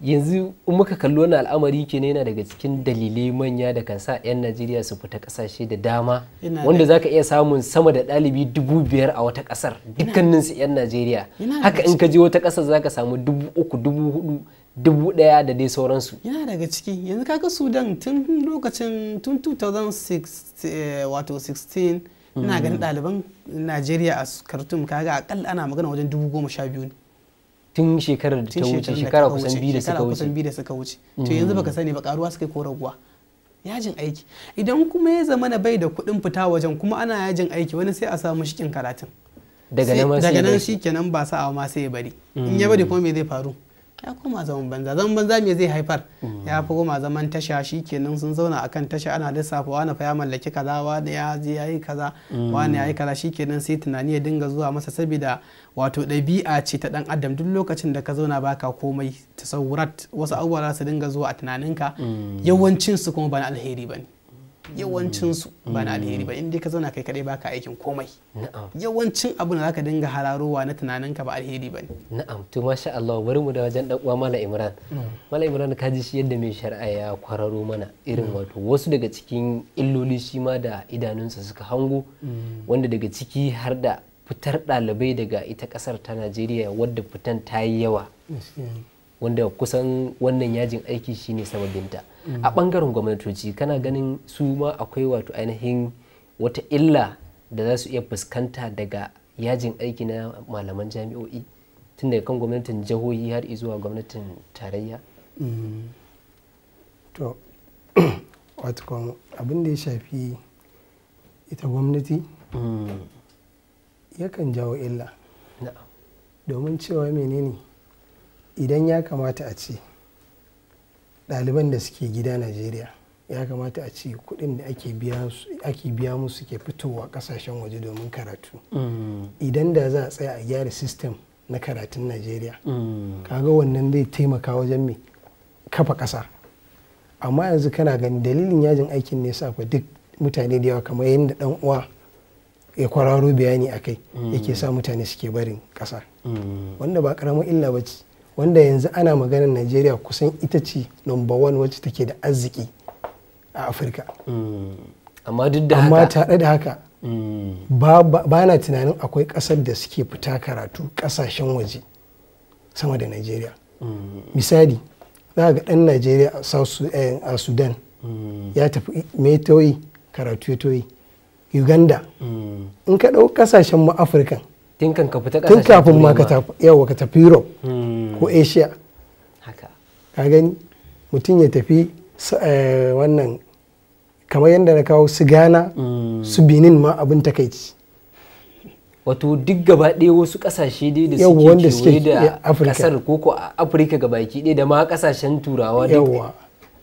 yanzu in muka kalli wani al'amari kenan yana daga cikin dalilai manya da kan sa 'yan najeriya su fita kasashe da dama wanda za iya samun sama da dalibi dubu biyar a wata kasar dukkanin su 'yan najeriya haka in ka je wata kasar za ka samu dubu uku dubu hudu dubu daya da dai sauransu yana daga ciki yanzu kaga sudan tun lokacin tun 2006 eh, wato 16 ina ganin ɗaliban najeriya a khartoum kaga akalla ana magana wajen dubu goma sha biyu ne tun shekarar da ta wuce shekara kusan biyu da suka wuce shekara kusan biyu da suka wuce to yanzu baka sani ba karuwa suka yi ko raguwa yajin aiki idan kuma ya zama na bai da kuɗin fita wajen kuma ana yajin aiki wani sai a samu shikin karatun daga nan shi kenan ba sa'awa ma sai ya bari in ya mm. bari kuma me zai faru ya koma zaman banza zaman banza me zai haifar ya fi koma zaman tasha shi kenan sun zauna akan tasha ana lissafa wani fa ya mallaki kaza wani ya je yi kaza wani ya yi kaza kenan sai tunani ya dinga zuwa masa saboda wato ɗabi'a ce ta dan adam duk lokacin da ka zauna baka komai tasawurat wasu abubuwa za su dinga zuwa a tunaninka mm. yawancinsu kuma bana na alheri bane yawancinsu mm. ba na alheri ba in ka zauna kai kadai baka aikin komai yawancin abin da zaka dinga hararowa na ka ba alheri ba na'am to masha Allah bari mu da wajen dan uwa Malam Imran Malam Imran ka ji shi yadda mai shari'a ya kwararo mana irin mm. wato wasu daga cikin illoli shi ma da idanunsa suka hango mm. wanda daga ciki har da fitar ɗalibai daga ita kasar ta Najeriya wadda fitan ta yi yawa wanda kusan wannan yajin aiki shine sababinta. a bangaren gwamnatoci kana ganin su ma akwai wato ainihin wata illa da za su iya fuskanta daga yajin aiki na malaman jami'o'i tun daga kan gwamnatin jihohi har zuwa gwamnatin tarayya mm. to wato abin da ya shafi ita gwamnati mm. yakan jawo illa domin cewa menene idan ya kamata a ce ɗaliban da suke gida najeriya ya kamata a ce kuɗin da ake biya musu ke fitowa ƙasashen waje domin karatu mm. idan da za a tsaya a gyara system na karatun najeriya mm. kaga wannan zai taimaka wajen mai kafa ƙasa amma yanzu kana gani dalilin yajin aikin ne sa duk mutane da yawa kamar yadda ɗan uwa ya kwararo bayani a kai mm. yake sa mutane suke barin ƙasa wanda ba ƙaramin illa ba ce wanda yanzu ana maganar najeriya kusan ita ce number one wacce take da arziki a afirka mm. amma duk da amma tare da haka mm. ba na tunanin akwai kasar da suke fita karatu kasashen waje sama da najeriya mm. misali za ga dan najeriya a eh, sudan ya tafi mai karatu ya toyi uganda in ka ɗau kasashen mu afirka tun kan ka fita tun kafin ma ka tafi yawa ka tafi Europe hmm. ko Asia ka gani mutum ya tafi eh, wannan kamar yadda na kawo su Ghana hmm. su Benin ma abin takaici wato duk gaba ɗaya wasu ƙasashe dai da suke kewaye da ƙasar koko a afirka gaba ɗaya da ma ƙasashen turawa duk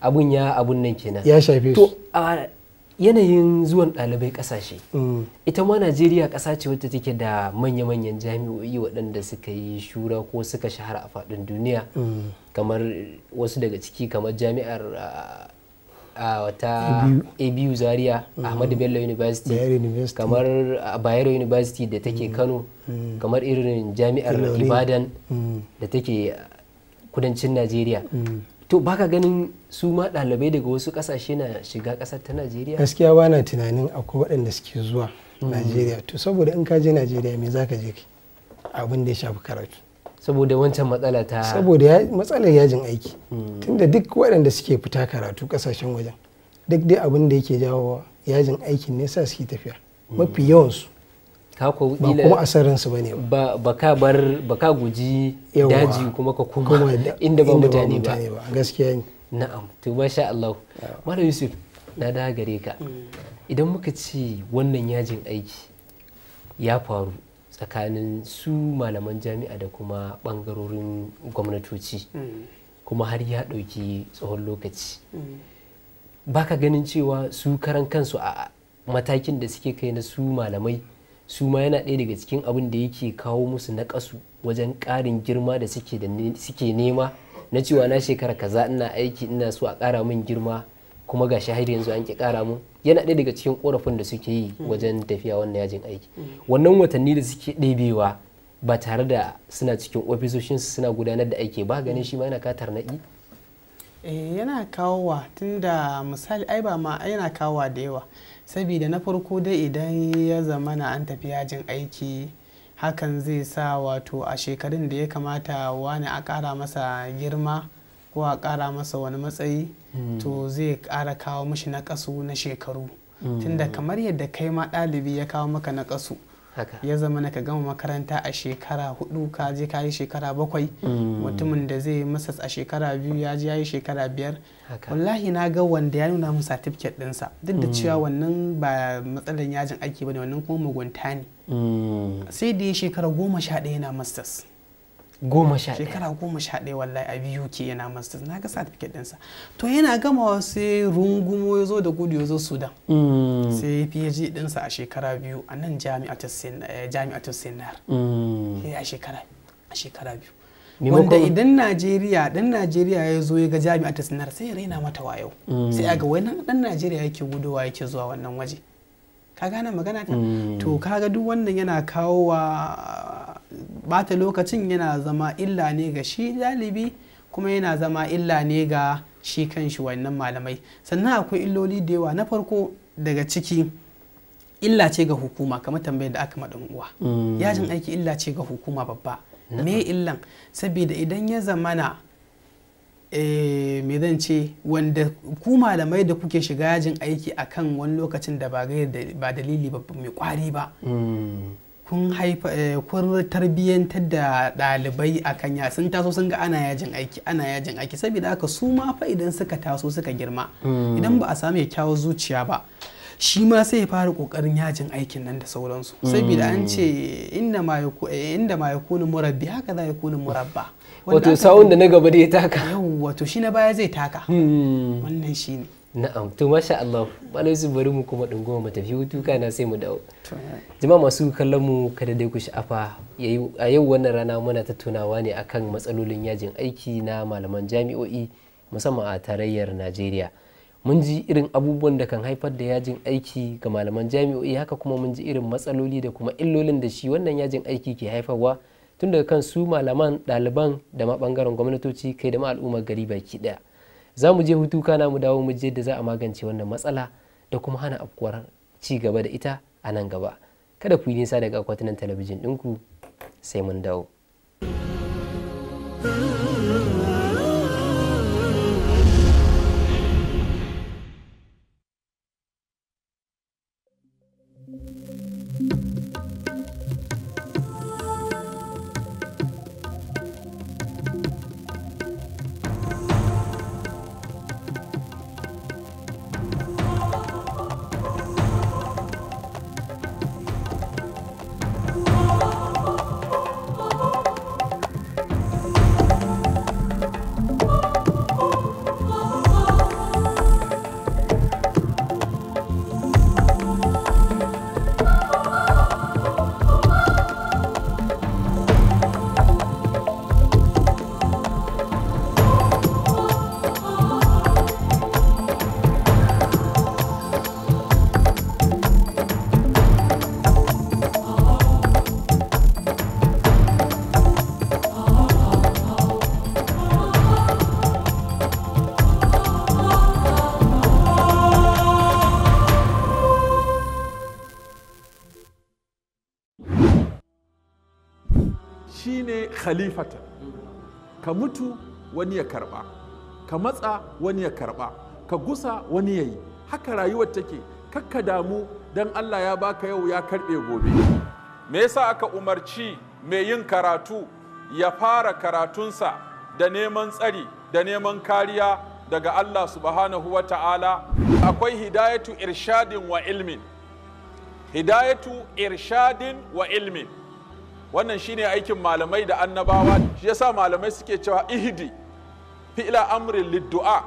abun ya abun nan kenan ya shafe su yanayin zuwan ɗalibai ƙasashe mm. ita ma najeriya ƙasa ce wadda take da manya-manyan jami'o'i waɗanda suka yi shura ko suka shahara a faɗin duniya mm. kamar wasu daga ciki kamar jami'ar a wata abu zaria mm. ahmadu bello university kamar bayero university da take kano kamar irin jami'ar ibadan da take kudancin najeriya to baka ganin su ma ɗalibai daga wasu kasashe na shiga ƙasar ta najeriya gaskiya ba na tunanin akwai waɗanda suke zuwa hmm. najeriya to saboda in ka je najeriya me zaka je abin da ya shafi karatu saboda wancan matsala ta saboda matsalar yajin aiki hmm. tunda duk waɗanda suke fita karatu ƙasashen wajen duk dai abin da yake jawo yajin aikin ne sa suke tafiya hmm. mafi yawansu ba kuma asarin su bane ba ba ka bar ba ka guji daji kuma ka koma inda ba mutane ba gaskiya na'am to masha Allah Malam Yusuf na da gare ka mm. idan muka ci wannan yajin aiki ya faru tsakanin su malaman jami'a da kuma bangarorin gwamnatoci mm. kuma har ya ɗauki tsohon lokaci mm. baka ganin cewa su karan kansu a matakin da suke kai na su malamai su ma yana ɗaya daga cikin abin da yake kawo musu na ƙasu wajen ƙarin girma da suke nema na cewa na shekara kaza ina aiki ina so a ƙara min girma kuma ga har yanzu an ki ƙara min yana ɗaya daga cikin ƙorafin da suke yi mm. wajen tafiya wannan yajin aiki mm. wannan watanni da suke ɗebewa ba tare da suna cikin ofisoshinsu suna gudanar da aiki ba ganin mm. shi ma yana katar na'i eh yana kawowa tunda misali ai ba ma yana kawowa da yawa saboda na farko dai idan ya zama na an tafi yajin aiki hakan zai sa wato a shekarun da ya kamata wani a ƙara masa girma ko a ƙara masa wani matsayi hmm. to zai ƙara kawo mashi na na shekaru hmm. tunda kamar yadda kai ma ɗalibi ya kawo maka na ƙasu ya zama na ka gama makaranta a shekara hudu ka je ka yi shekara bakwai mm. mutumin da zai masa a shekara biyu ya je ya yi shekara biyar wallahi na ga wanda ya nuna musa tifket dinsa duk da mm. cewa wannan ba matsalar yajin aiki ba ne wannan kuma mugunta ne mm. sai da ya shekara goma sha ɗaya na masters goma sha shekara goma sha ɗaya wallahi a biyu ke yana masu na ga certificate ɗinsa to yana gamawa sai rungumo ya zo da gudu ya zo sudan mm. sai ya ji ɗinsa a shekara biyu a nan jami'atar sinar eh, mm. eh, a shekara a shekara biyu wanda idan najeriya ɗan najeriya ya zo ya ga jami'a ta sinar sai ya raina mata wayo mm. sai a ga wani ɗan najeriya yake gudowa yake zuwa wannan waje ka gane magana ta to kaga duk wannan yana kawo wa bata lokacin yana zama illa ne ga shi dalibi kuma yana zama illa ne ga shi kanshi wannan malamai sannan akwai illoli da yawa na farko daga ciki illa ce ga hukuma kamar tambayar da aka maɗin uwa mm. yajin aiki illa ce ga hukuma babba mm. me illan saboda idan ya zamana eh, me zan ce wanda ku malamai da kuke shiga yajin aiki akan wani lokacin da ba dalili ba mai kwari ba mm. kun haifa eh, kun tarbiyyantar da ɗalibai a ya sun taso sun ga ana yajin aiki ana yajin aiki saboda haka su ma fa idan suka taso suka girma hmm. idan ba a samu kyakkyawar zuciya ba shi ma sai ya fara kokarin yajin aikin nan da sauransu hmm. saboda an ce inda ma ya eh, kunu murabbi haka za ya kunu murabba wato sa'un da na gaba dai taka yau wato shi na baya zai taka hmm. wannan shi ne na'am to masha Allah malai su bari mu kuma dungoma mu tafi hutu kana sai mu dawo jama'a masu kallon mu kada dai ku sha'afa a yau wannan rana muna tattaunawa ne akan matsalolin yajin aiki na malaman jami'o'i musamman a tarayyar Najeriya mun ji irin abubuwan da kan haifar da yajin aiki ga malaman jami'o'i haka kuma mun ji irin matsaloli da kuma illolin da shi wannan yajin aiki ke haifarwa tun daga kan su malaman ɗaliban da ma ɓangaren gwamnatoci kai da ma al'ummar gari baki ɗaya za mu je hutu kana mu dawo mu je da za a magance wannan matsala da kuma hana afkuwar ci gaba da ita a nan gaba kada ku yi nisa daga akwatunan talabijin ɗinku sai mun dawo. ka mutu wani ya karba ka matsa wani ya karba ka gusa wani ya yi haka rayuwar take kakka damu don allah ya baka yau ya karbe gobe me yasa aka umarci mai yin karatu ya fara karatunsa da neman tsari da neman kariya daga allah subhanahu wa ta'ala akwai hidayatu irshadin wa ilmin hidayatu irshadin wa ilmin wannan shine aikin malamai da annabawa shi yasa malamai suke cewa ihdi fi'la amrin liddu'a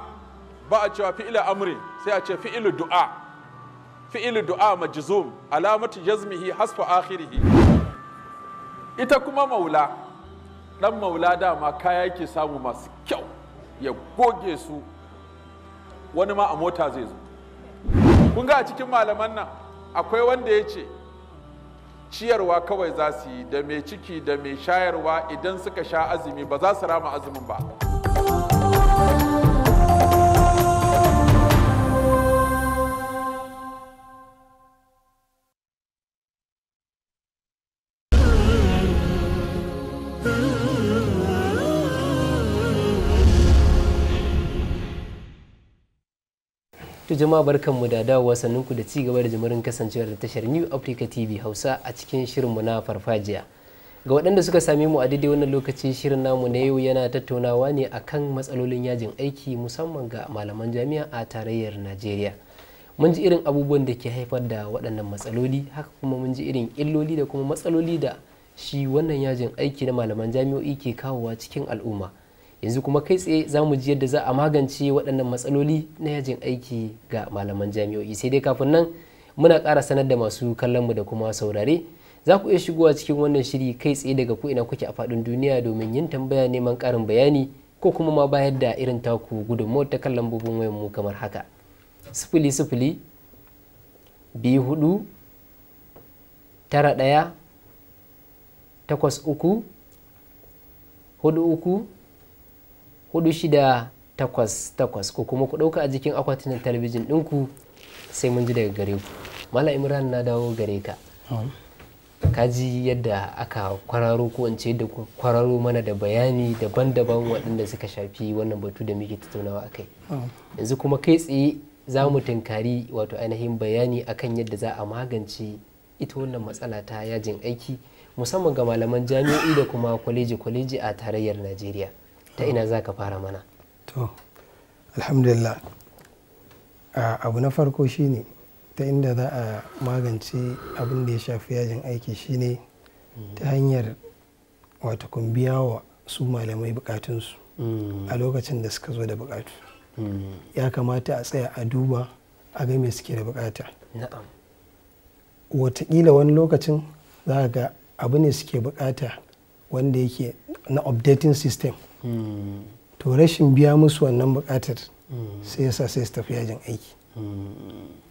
ba a cewa fi'la amrin sai a ce fi'lu du'a fi'lu du'a majzum alamatu jazmihi hasfa akhirih ita kuma maula dan maula dama kaya yake samu masu kyau ya goge su wani ma a mota zai zo kun ga a cikin malaman nan akwai wanda ya ce ciyarwa kawai za su yi da mai ciki da mai shayarwa idan suka sha azumi ba za su rama azumin ba To jama'a barkanmu da dawowa ku da ci gaba da jimirin kasancewar da tashar New Africa TV Hausa a cikin shirinmu na farfajiya. Ga waɗanda suka same mu a daidai wannan lokaci shirin namu na yau yana tattaunawa ne akan matsalolin yajin aiki musamman ga malaman jami'a a tarayyar Najeriya. Mun ji irin abubuwan da ke haifar da waɗannan matsaloli haka kuma mun ji irin illoli da kuma matsaloli da shi wannan yajin aiki na malaman jami'o'i ke kawowa cikin al'umma. yanzu kuma kai tsaye za mu ji yadda za a magance waɗannan matsaloli na yajin aiki ga malaman jami'o'i sai dai kafin nan muna ƙara sanar da masu mu da kuma saurare za ku iya shigowa cikin wannan shiri kai tsaye daga ko ina kuke a faɗin duniya domin yin tambaya neman ƙarin bayani ko kuma ma bayar da irin taku gudunmawar ta kan lambobin wayan mu kamar haka sifili sifili biyu hudu tara ɗaya takwas uku hudu uku hudu shida takwas takwas ko kuma ku ɗauka a jikin akwatinan talabijin ɗinku sai mun ji daga gare ku mala imran na dawo gare ka ka ji yadda aka kwararo ko ce kwararo mana da bayani daban-daban waɗanda suka shafi wannan batu da muke tattaunawa a kai yanzu kuma kai tsaye za mu tunkari wato ainihin bayani akan yadda za a magance ita wannan matsala ta yajin aiki musamman ga malaman jami'o'i da kuma kwaleji-kwaleji a tarayyar najeriya ta ina za ka fara mana to alhamdulillah abu na farko shine ta inda za a magance abin da ya shafi yajin aiki shine ta hanyar wata biya wa su malamai bukatunsu mm. a lokacin da suka zo da bukatu mm. ya kamata a tsaya a duba a ga me suke da bukata watakila wani lokacin za ga abu ne suke bukata wanda yake na updating system to rashin biya musu wannan bukatar sai yasa sai su tafi yajin aiki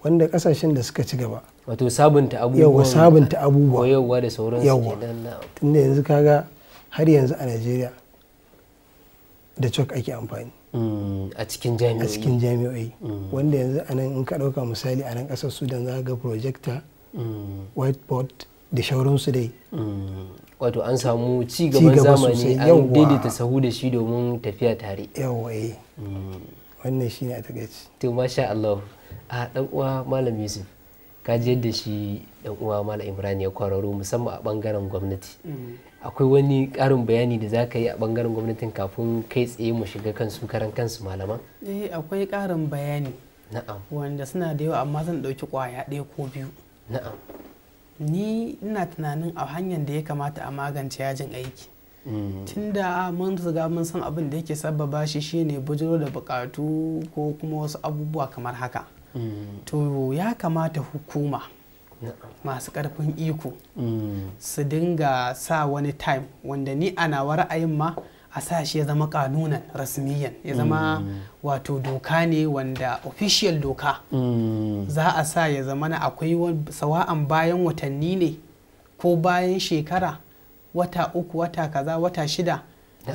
wanda kasashen da suka ci gaba wato sabunta abubuwa yawa sabunta abubuwa yawa da sauran yawa tunda yanzu kaga har yanzu a Najeriya da cok ake amfani a cikin jami'o'i a cikin jami'o'i mm. wanda yanzu anan in ka dauka misali a nan kasar Sudan za ga projector mm. whiteboard da su dai mm. wato an samu ci gaban zamani an daidaita sahu da shi domin tafiya tare yawa eh mm. wannan ne a takaici to masha Allah a dan uwa malam Yusuf ka ji da shi dan uwa malam Imran ya kwararo musamman a bangaren gwamnati mm. akwai wani karin bayani da za ka yi a bangaren gwamnatin kafin kai tsaye mu shiga kansu karan kansu malaman eh akwai karin bayani na'am wanda suna da yawa amma zan ɗauki kwaya ɗaya ko biyu na'am ni ina tunanin a hanyar da ya kamata a magance yajin aiki mm. tunda mun riga mun san abin da yake sabbaba shi shine bujiro da bukatu ko kuma wasu abubuwa kamar haka mm. to ya kamata hukuma masu karfin iko mm. su dinga sa wani time wanda ni a nawa ra'ayin ma a sa shi ya zama kanunan rasmiyan ya zama mm. wato doka ne wanda official doka mm. za a sa ya zama na akwai sawa'an bayan watanni ne ko bayan shekara wata uku wata kaza wata shida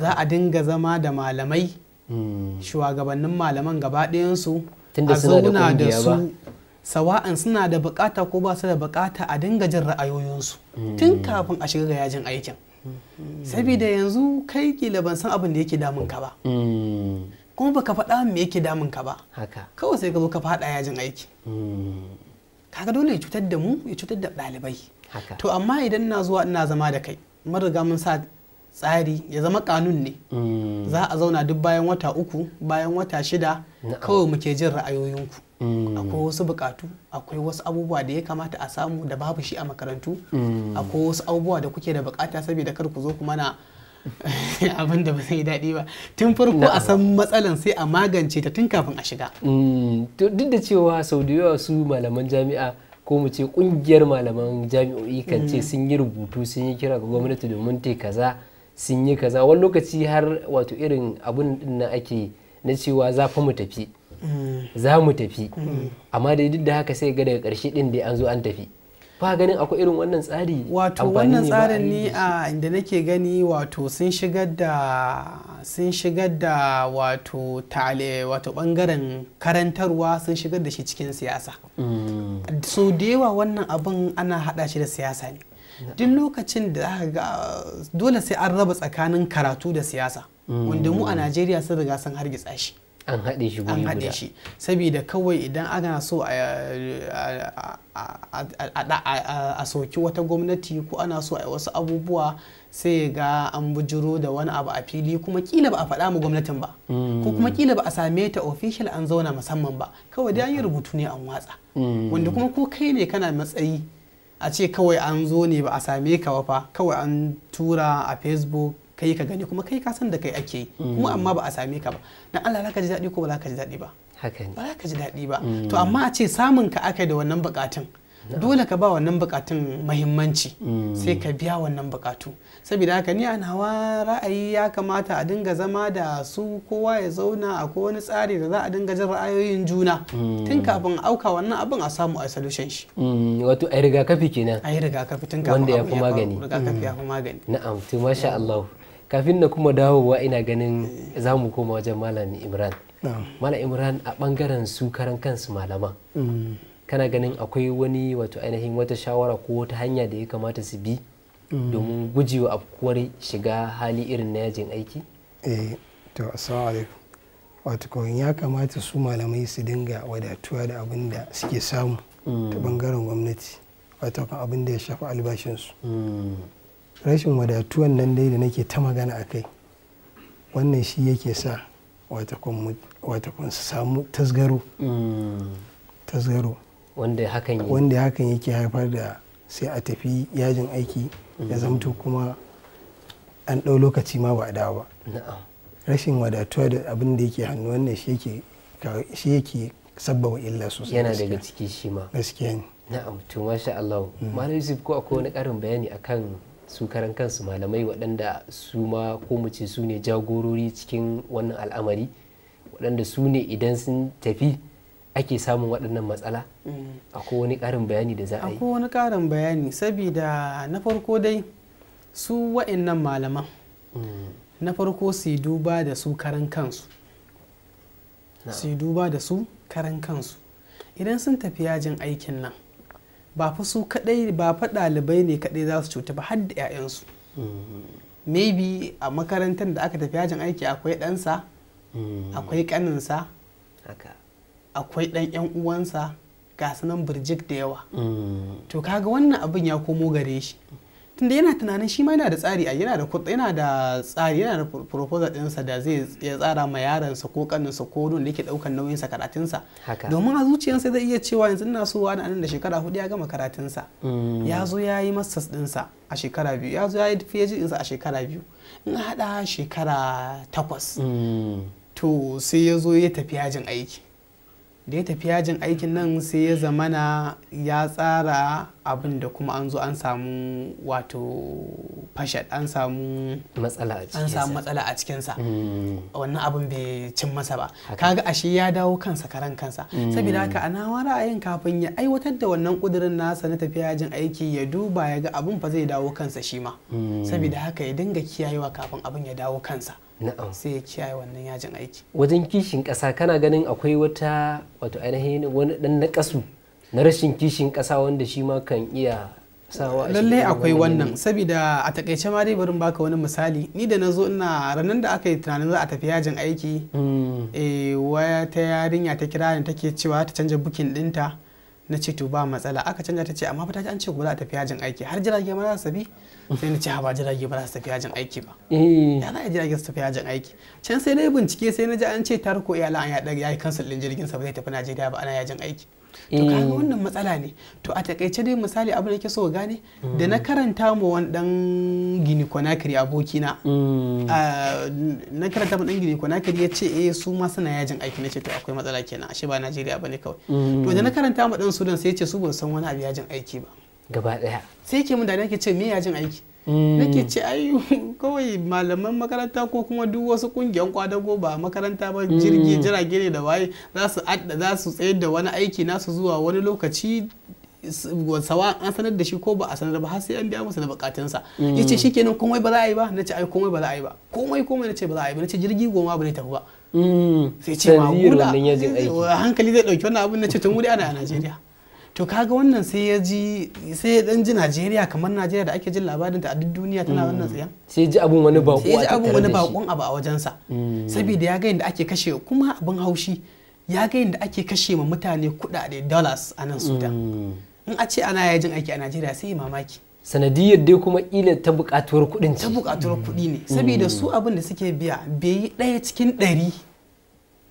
za a dinga zama da malamai mm. shugabannin malaman gaba ɗayansu a zauna da su sawa'an suna da bukata ko ba su da bukata a dinga jin ra'ayoyinsu tun kafin a shiga ga yajin aikin saboda yanzu kai kila ban san abin da yake damun ka ba kuma baka faɗa me yake damun ka ba kawai sai ka zo ka faɗa yajin aiki kaga dole ya cutar da mu ya cutar da ɗalibai to amma idan na zuwa ina zama da kai mun riga mun sa tsari ya zama kanun ne mm. za a zauna duk bayan wata uku bayan wata shida kawai muke jin ra'ayoyinku mm. akwai wasu bukatu akwai wasu abubuwa da ya kamata a samu da babu shi a makarantu mm. akwai wasu abubuwa da kuke da bukata saboda kar ku zo kuma na abin da ba zai daɗi ba tun farko a san matsalan sai a magance ta tun kafin a shiga duk da cewa sau da yawa su malaman jami'a ko mu ce kungiyar malaman jami'o'i kan ce sun yi rubutu sun yi kira ga gwamnati domin ta kaza sun yi kaza wani lokaci har wato irin abun din nan ake na cewa za fa mu tafi mm. za mu tafi mm. amma dai duk da haka sai ga daga karshe din dai an zo an tafi ba ganin akwai irin wannan tsari wato wannan tsarin ni a inda nake gani wato sun shigar da sun shigar da wato tale wato bangaren karantarwa sun shigar da shi cikin siyasa mm. so da yawa wannan abin ana hada shi da siyasa ne duk lokacin da aka ga dole sai an raba tsakanin karatu da siyasa wanda mu a najeriya sun riga sun hargitsa shi an haɗe shi an haɗe shi saboda kawai idan ana so a soki wata gwamnati ko ana so a wasu abubuwa sai ga an bujiro da wani abu a fili kuma kila ba a faɗa mu gwamnatin ba ko kuma mm. kila ba a same ta official an zauna musamman ba kawai dai an yi rubutu ne an watsa mm. wanda kuma ko kai ne kana matsayi a ce kawai an zo ne ba a same ka ba fa kawai an tura a facebook kai ka gani kuma kai ka san da kai ake yi mm. kuma amma ba a same ka ba dan Allah zaka ji daɗi ko ba zaka ji daɗi ba ba za ka ji daɗi ba mm. to amma a ce samun ka aka da wannan bukatun dole ka ba wannan bukatun mahimmanci sai ka biya wannan bukatu saboda haka ni a nawa ra'ayi ya kamata a dinga zama da su kowa ya zauna a wani tsari da za a dinga jin ra'ayoyin juna tun mm. kafin auka wannan abin a samu a solution shi mm, wato a rigakafi kenan a rigakafi tun kafin wanda ya fi magani rigakafi ya mm. fi magani na'am to masha Allah kafin na kuma dawowa ina ganin za mu koma wajen Malami Imran malam Imran a bangaren su karan kansu malama. kana ganin akwai wani wato ainihin wata shawara ko wata hanya da ya kamata su bi mm. domin gujewa afkuwar shiga hali irin na yajin aiki? eh to assalamu alaikum wato kawai ya kamata su malamai su dinga wadatuwa da abin da suke samu ta mm. bangaren gwamnati wato kan abin da ya shafi albashinsu mm. rashin wadatuwan nan dai da nake ta magana a kai wannan shi yake sa wata su samu tasgaro wanda hakan yake haifar da sai a tafi yajin aiki ya mm-hmm. zamto kuma an ɗau lokaci ma ba a dawo ba rashin wadatuwa da abin da yake hannu wannan shi yake sabbawa illa sosai yana daga ciki shi ma gaskiya ne na'am to masha Allah mm. malam Yusuf ko akwai wani karin bayani akan su karan kansu malamai waɗanda su ma ko mu ce su ne jagorori cikin wannan al'amari waɗanda su ne idan sun tafi ake samun waɗannan matsala mm. a wani ƙarin bayani da za a yi a wani ƙarin bayani saboda na farko dai su wa'annan malaman mm. na farko su duba da su karan kansu su duba da su karan kansu idan sun tafi yajin aikin nan ba fa su kadai ba fa ɗalibai ne kadai za su cuta ba har da 'ya'yansu mm. maybe a makarantar da aka tafi yajin aiki akwai ɗansa akwai ƙaninsa akwai ɗan 'yan uwansa ga sanan birjik da yawa mm. to kaga wannan abin ya komo gare shi tunda yana tunanin shi ma yana da tsari a yana da yana da tsari yana da proposal ɗinsa da zai ya tsara ma yaransa ko kaninsa ko don da yake ɗaukar nauyinsa karatunsa domin a zuciyarsa zai iya cewa yanzu ina so wani anan da shekara hudu ya gama karatunsa mm. ya zo ya yi masters ɗinsa a shekara biyu ya zo ya yi phd ɗinsa a shekara biyu in haɗa shekara takwas mm. to sai ya zo ya tafi yajin aiki da ya tafi yajin aikin nan sai ya zamana ya tsara abin da kuma an zo an samu wato fashad an samu matsala a cikinsa hmm. wannan abin bai cin masa ba kaga ashe ya dawo kansa karan kansa hmm. saboda haka a nawa ra'ayin kafin ya aiwatar da wannan kudirin nasa na tafiya yajin aiki ya duba ya ga abin fa zai dawo kansa shi ma hmm. saboda haka ya dinga kiyayewa kafin abin ya dawo kansa sai ya kiyaye wannan yajin aiki wajen kishin ƙasa kana ganin akwai wata wato ainihin wani ɗan naƙasu na rashin kishin ƙasa wanda shi ma kan iya sawa lalle akwai wannan saboda a takaice ma dai barin baka wani misali ni da na zo ina ranar da aka yi tunanin za a tafi yajin aiki hmm. eh waya ta yarinya ta kira ni take cewa ta canja bukin ɗinta na ce to ba matsala aka canja ta ce amma fa ta an ce ba za ta tafi yajin aiki har jirage ma za su tafi sai na ce ha ba jirage ba za su tafi yajin aiki ba eh. ya za a jirage su tafi yajin aiki can sai dai bincike sai na ji an ce tarko iyalan ya yi kansul ɗin jirgin sa ba zai tafi Najeriya ba ana yajin aiki to kaga mm. wannan matsala ne to a takaice dai misali abu da ke so gane da na karanta mu wani dan gini konakiri abokina mm. na karanta mu dan gini konakiri ya ce eh su ma suna yajin aiki na ce to akwai matsala kenan ashe ba Najeriya bane kawai to mm. da na karanta mu dan Sudan sai ya ce su ban san wani abu yajin aiki ba gaba daya sai ke mun da nake ce me yajin aiki Mm. nake ce ai kawai malaman makaranta ko kuma duk wasu kungiyan kwadago ba makaranta ba mm. jirgi jirage ne da waye za su za su tsayar da wani aiki nasu zuwa wani lokaci sawa an sanar da shi ko ba a sanar ba har sai an biya musu da bukatunsa mm. yace shikenan komai ba za a yi ba nace ai komai ba za a yi ba komai komai nace ba za a yi ba nace jirgi goma ba ne tafi ba sai ce ma hankali zai dauki wannan abin nace tun wuri ana a Najeriya to kaga wannan sai ya ji sai ya dan ji Najeriya kamar Najeriya da ake jin labarin labarinta a duk duniya tana wannan mm. tsaya sai ji abun wani bako sai ji abun wani bakon abu a wajensa mm. saboda ya ga yadda ake kashe kuma abin haushi ya ga yadda ake kashe ma mutane kudade dollars a nan Sudan mm. in a ce ana yajin aiki a Najeriya sai mamaki sanadiyar dai kuma ila ta bukatuwar kudin ta bukatuwar kudi ne saboda su abin da suke biya bai yi daya cikin ɗari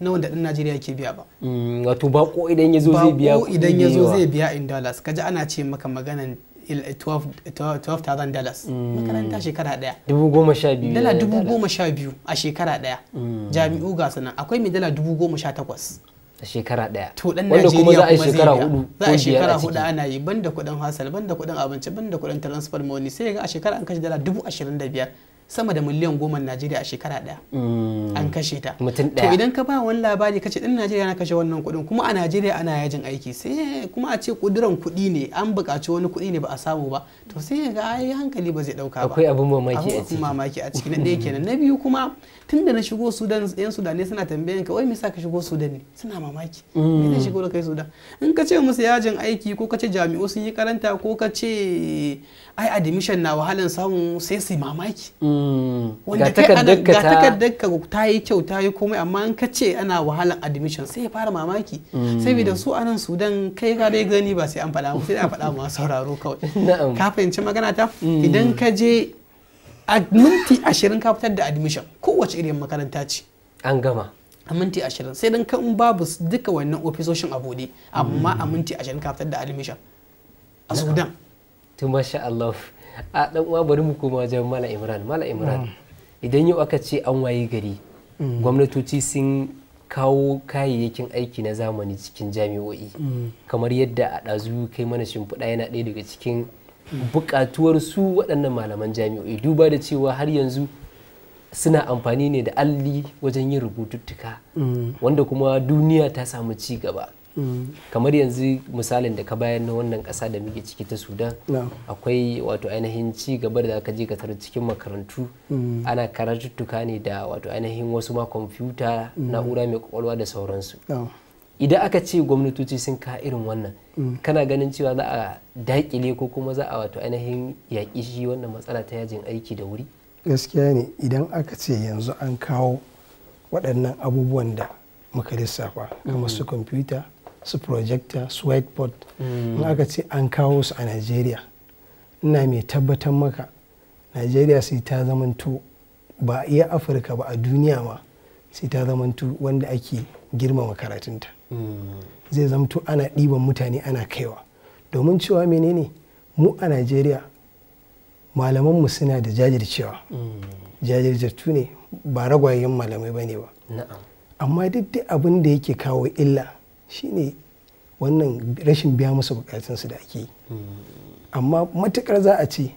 na wanda ɗan Najeriya ke biya ba. Mm, wato bako idan ya zo zai biya kuɗi idan ya zo zai biya in dollars kaji ana ce maka maganan 12,000 eh, eh, dollars mm. makaranta shekara daya. Dubu goma sha biyu. Dala dubu goma sha biyu a shekara daya. Mm. Jami'u ga sanan akwai mai dala dubu goma sha takwas. a shekara daya to dan Najeriya kuma za a shekara hudu za a shekara hudu ana yi banda kudin hasal banda kudin abinci banda kudin transfer money sai ga a shekara an kashe dala dubu ashirin da biyar sama da miliyan goma Najeriya a shekara ɗaya mm. an kashe ta to idan ka ba wani labari kace ɗin Najeriya na kashe wannan kuɗin kuma a Najeriya ana yajin aiki sai kuma a ce kuduran kuɗi ne an buƙaci wani kuɗi ne ba a samu ba to sai ga ai hankali ba zai ɗauka ba akwai abin mamaki a ciki mamaki a ciki na ɗaya kenan na biyu kuma tun da na shigo sudan yan sudan ne suna tambayan ka wai me yasa ka shigo sudan ne suna mamaki me zai mm. shigo da kai sudan in ka ce musu yajin aiki ko ka ce jami'o sun yi karanta ko ka ce ai admission na wahalan samu sai su mamaki mm. wanda kai ga takardar ka ta yi kyau ta yi komai amma in ka ce ana wahalan admission sai ya fara mamaki mm. saboda su anan sudan kai ka dai gani ba sai an faɗa sai a faɗa a sauraro kawai ka fahimci magana ta idan ka je a minti ashirin ka fitar da admission kowace irin makaranta ce an gama a minti ashirin sai dan kan babu duka wannan ofisoshin a bude amma a minti ashirin ka fitar da admission a sudan to masha Allah a dan uwa bari mu koma wajen mala imran mala imran idan yau aka ce an waye gari mm. gwamnatoci sun kawo kayayyakin aiki na zamani cikin jami'o'i mm. kamar yadda a ɗazu kai mana shimfiɗa yana ɗaya daga cikin bukatuwar su waɗannan malaman jami'o'i duba da cewa har yanzu suna amfani ne da alli wajen yin rubututtuka mm. wanda kuma duniya ta samu ci gaba mm. kamar yanzu misalin da ka bayar na wannan ƙasa da muke ciki ta sudan akwai wato ainihin ci gaba da aka je ka tara cikin makarantu mm. ana karatuttuka ne da wato ainihin wasu ma kwamfuta na'ura mai kwakwalwa da sauransu idan aka ce gwamnatoci sun ka irin wannan mm. kana ganin cewa za a daƙile ko kuma za a wato ainihin yaƙi shi wannan matsala ta yajin aiki da wuri gaskiya ne idan aka ce yanzu an kawo waɗannan abubuwan da muka lissafa kamar su mm. kwamfuta su projecta su whiteboard mm. in aka ce an kawo su a najeriya ina mai tabbatar maka najeriya sai ta zamanto ba iya afirka ba a duniya ma sai ta zamantu wanda ake girmama karatunta mm. zai zamto ana ɗiban mutane ana kaiwa domin cewa menene mu a najeriya mu suna da jajircewa mm. tu ne ba ragwayen malamai ba ne ba amma duk da abin da yake kawo illa shine wannan rashin biya musu bukatunsu da ake yi mm. amma matukar za a ce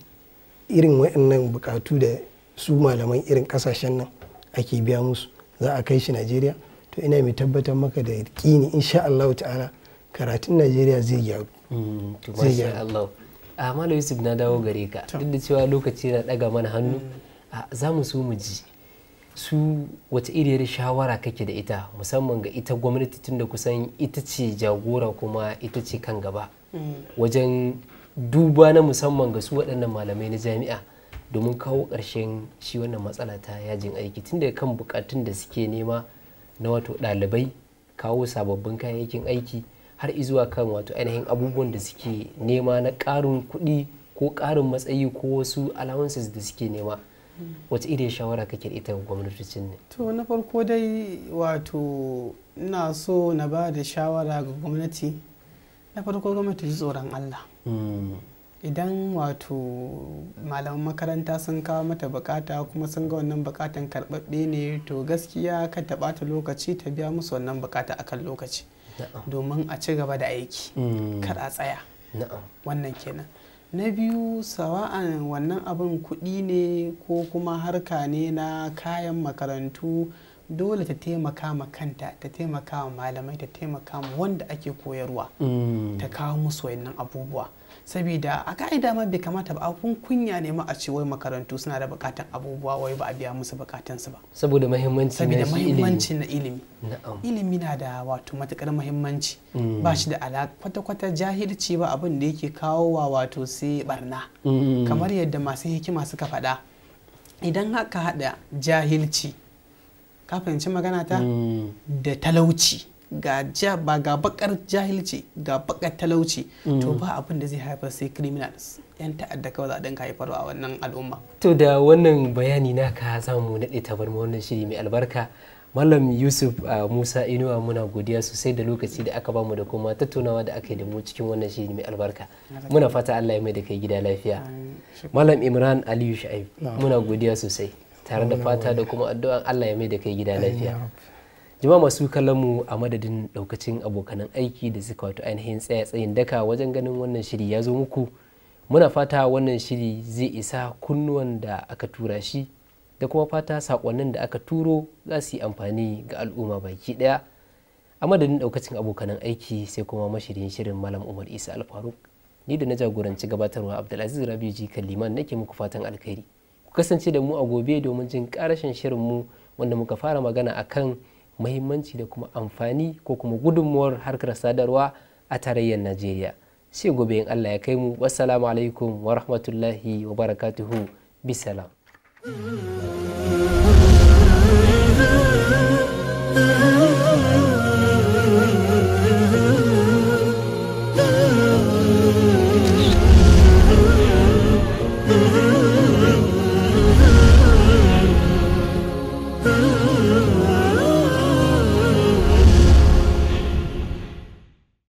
irin waɗannan bukatu da su malaman irin ƙasashen nan ake biya musu za a kai shi najeriya to ina mai tabbatar maka da kini insha Allah ta'ala karatun najeriya zai gyaru mm, Allah ah, Yusuf na dawo gare ka duk da cewa lokaci na daga mana hannu mm. ah, za mu so mu ji su wata iriyar shawara kake da ita musamman ga ita gwamnati tun da kusan ita ce jagora kuma ita ce kan gaba mm. wajen duba na musamman ga su waɗannan malamai na jami'a domin kawo ƙarshen shi wannan matsala ta yajin aiki tun daga kan bukatun da suke nema na wato ɗalibai kawo sababbin kayayyakin aiki har izuwa kan wato ainihin abubuwan da suke nema na ƙarin kuɗi ko ƙarin matsayi ko wasu allowances da suke nema wata irin shawara kake da ita gwamnatocin ne to na farko dai wato ina so na ba da shawara ga gwamnati na farko gwamnati tsoron allah mm. idan wato malaman makaranta sun kawo mata bukata kuma sun ga wannan bukatan karɓaɓɓe ne to gaskiya ka ta ɓata lokaci ta biya musu wannan bukata akan lokaci domin a ci gaba da aiki mm. kar a tsaya wannan kenan na biyu sawa'an wannan abin kuɗi ne ko kuma harka ne na kayan makarantu dole ta taimaka ma kanta ta taimaka ma malamai ta taimaka ma wanda ake koyarwa mm. ta kawo musu wayannan abubuwa saboda a ka'ida ma bai kamata ba abun kunya ne ma a ce wai makarantu suna da bukatan abubuwa wai ba a biya musu bukatan su ba saboda mahimmanci na ilimi ilimi na da wato matukar mahimmanci mm. ba shi da alaƙa kwata kwata jahilci ba abin da yake kawo wa wato sai barna kamar yadda masu hikima suka faɗa idan haka haɗa jahilci ka fahimci magana ta mm. da talauci ga ja ga bakar jahilci ga bakar talauci to ba abin da zai haifar sai criminals yan ta'adda kawai za a dinga haifarwa a wannan al'umma to da wannan bayani ka za mu naɗe tabar wannan shiri mai albarka Malam Yusuf a Musa Inuwa muna godiya sosai da lokaci da aka bamu da kuma tattaunawa da aka yi da mu cikin wannan shiri mai albarka. Muna fata Allah ya mai da kai gida lafiya. Malam Imran Aliyu Sha'ib muna godiya sosai tare da fata da kuma addu'an Allah ya mai da kai gida lafiya. jama'a masu kallon mu a madadin daukacin abokanan aiki da suka wato ainihin tsaya tsayin daka wajen ganin wannan shiri ya zo muku muna fata wannan shiri zai isa kunnuwan da aka tura shi da kuma fata sakonnin da aka turo za su yi amfani ga al'umma baki ɗaya a madadin daukacin abokanan aiki sai kuma mashirin shirin malam umar isa alfaruk ni da na jagoranci gabatarwa abdulaziz ji jika liman nake muku fatan alkhairi ku kasance da mu a gobe domin jin karashin shirin mu wanda muka fara magana akan Muhimmanci da kuma amfani ko kuma gudunmuwar harkar sadarwa a tarayyar najeriya sai gobe in allah ya kai mu wassalamu alaikum wa rahmatullahi wa barakatuhu bisalam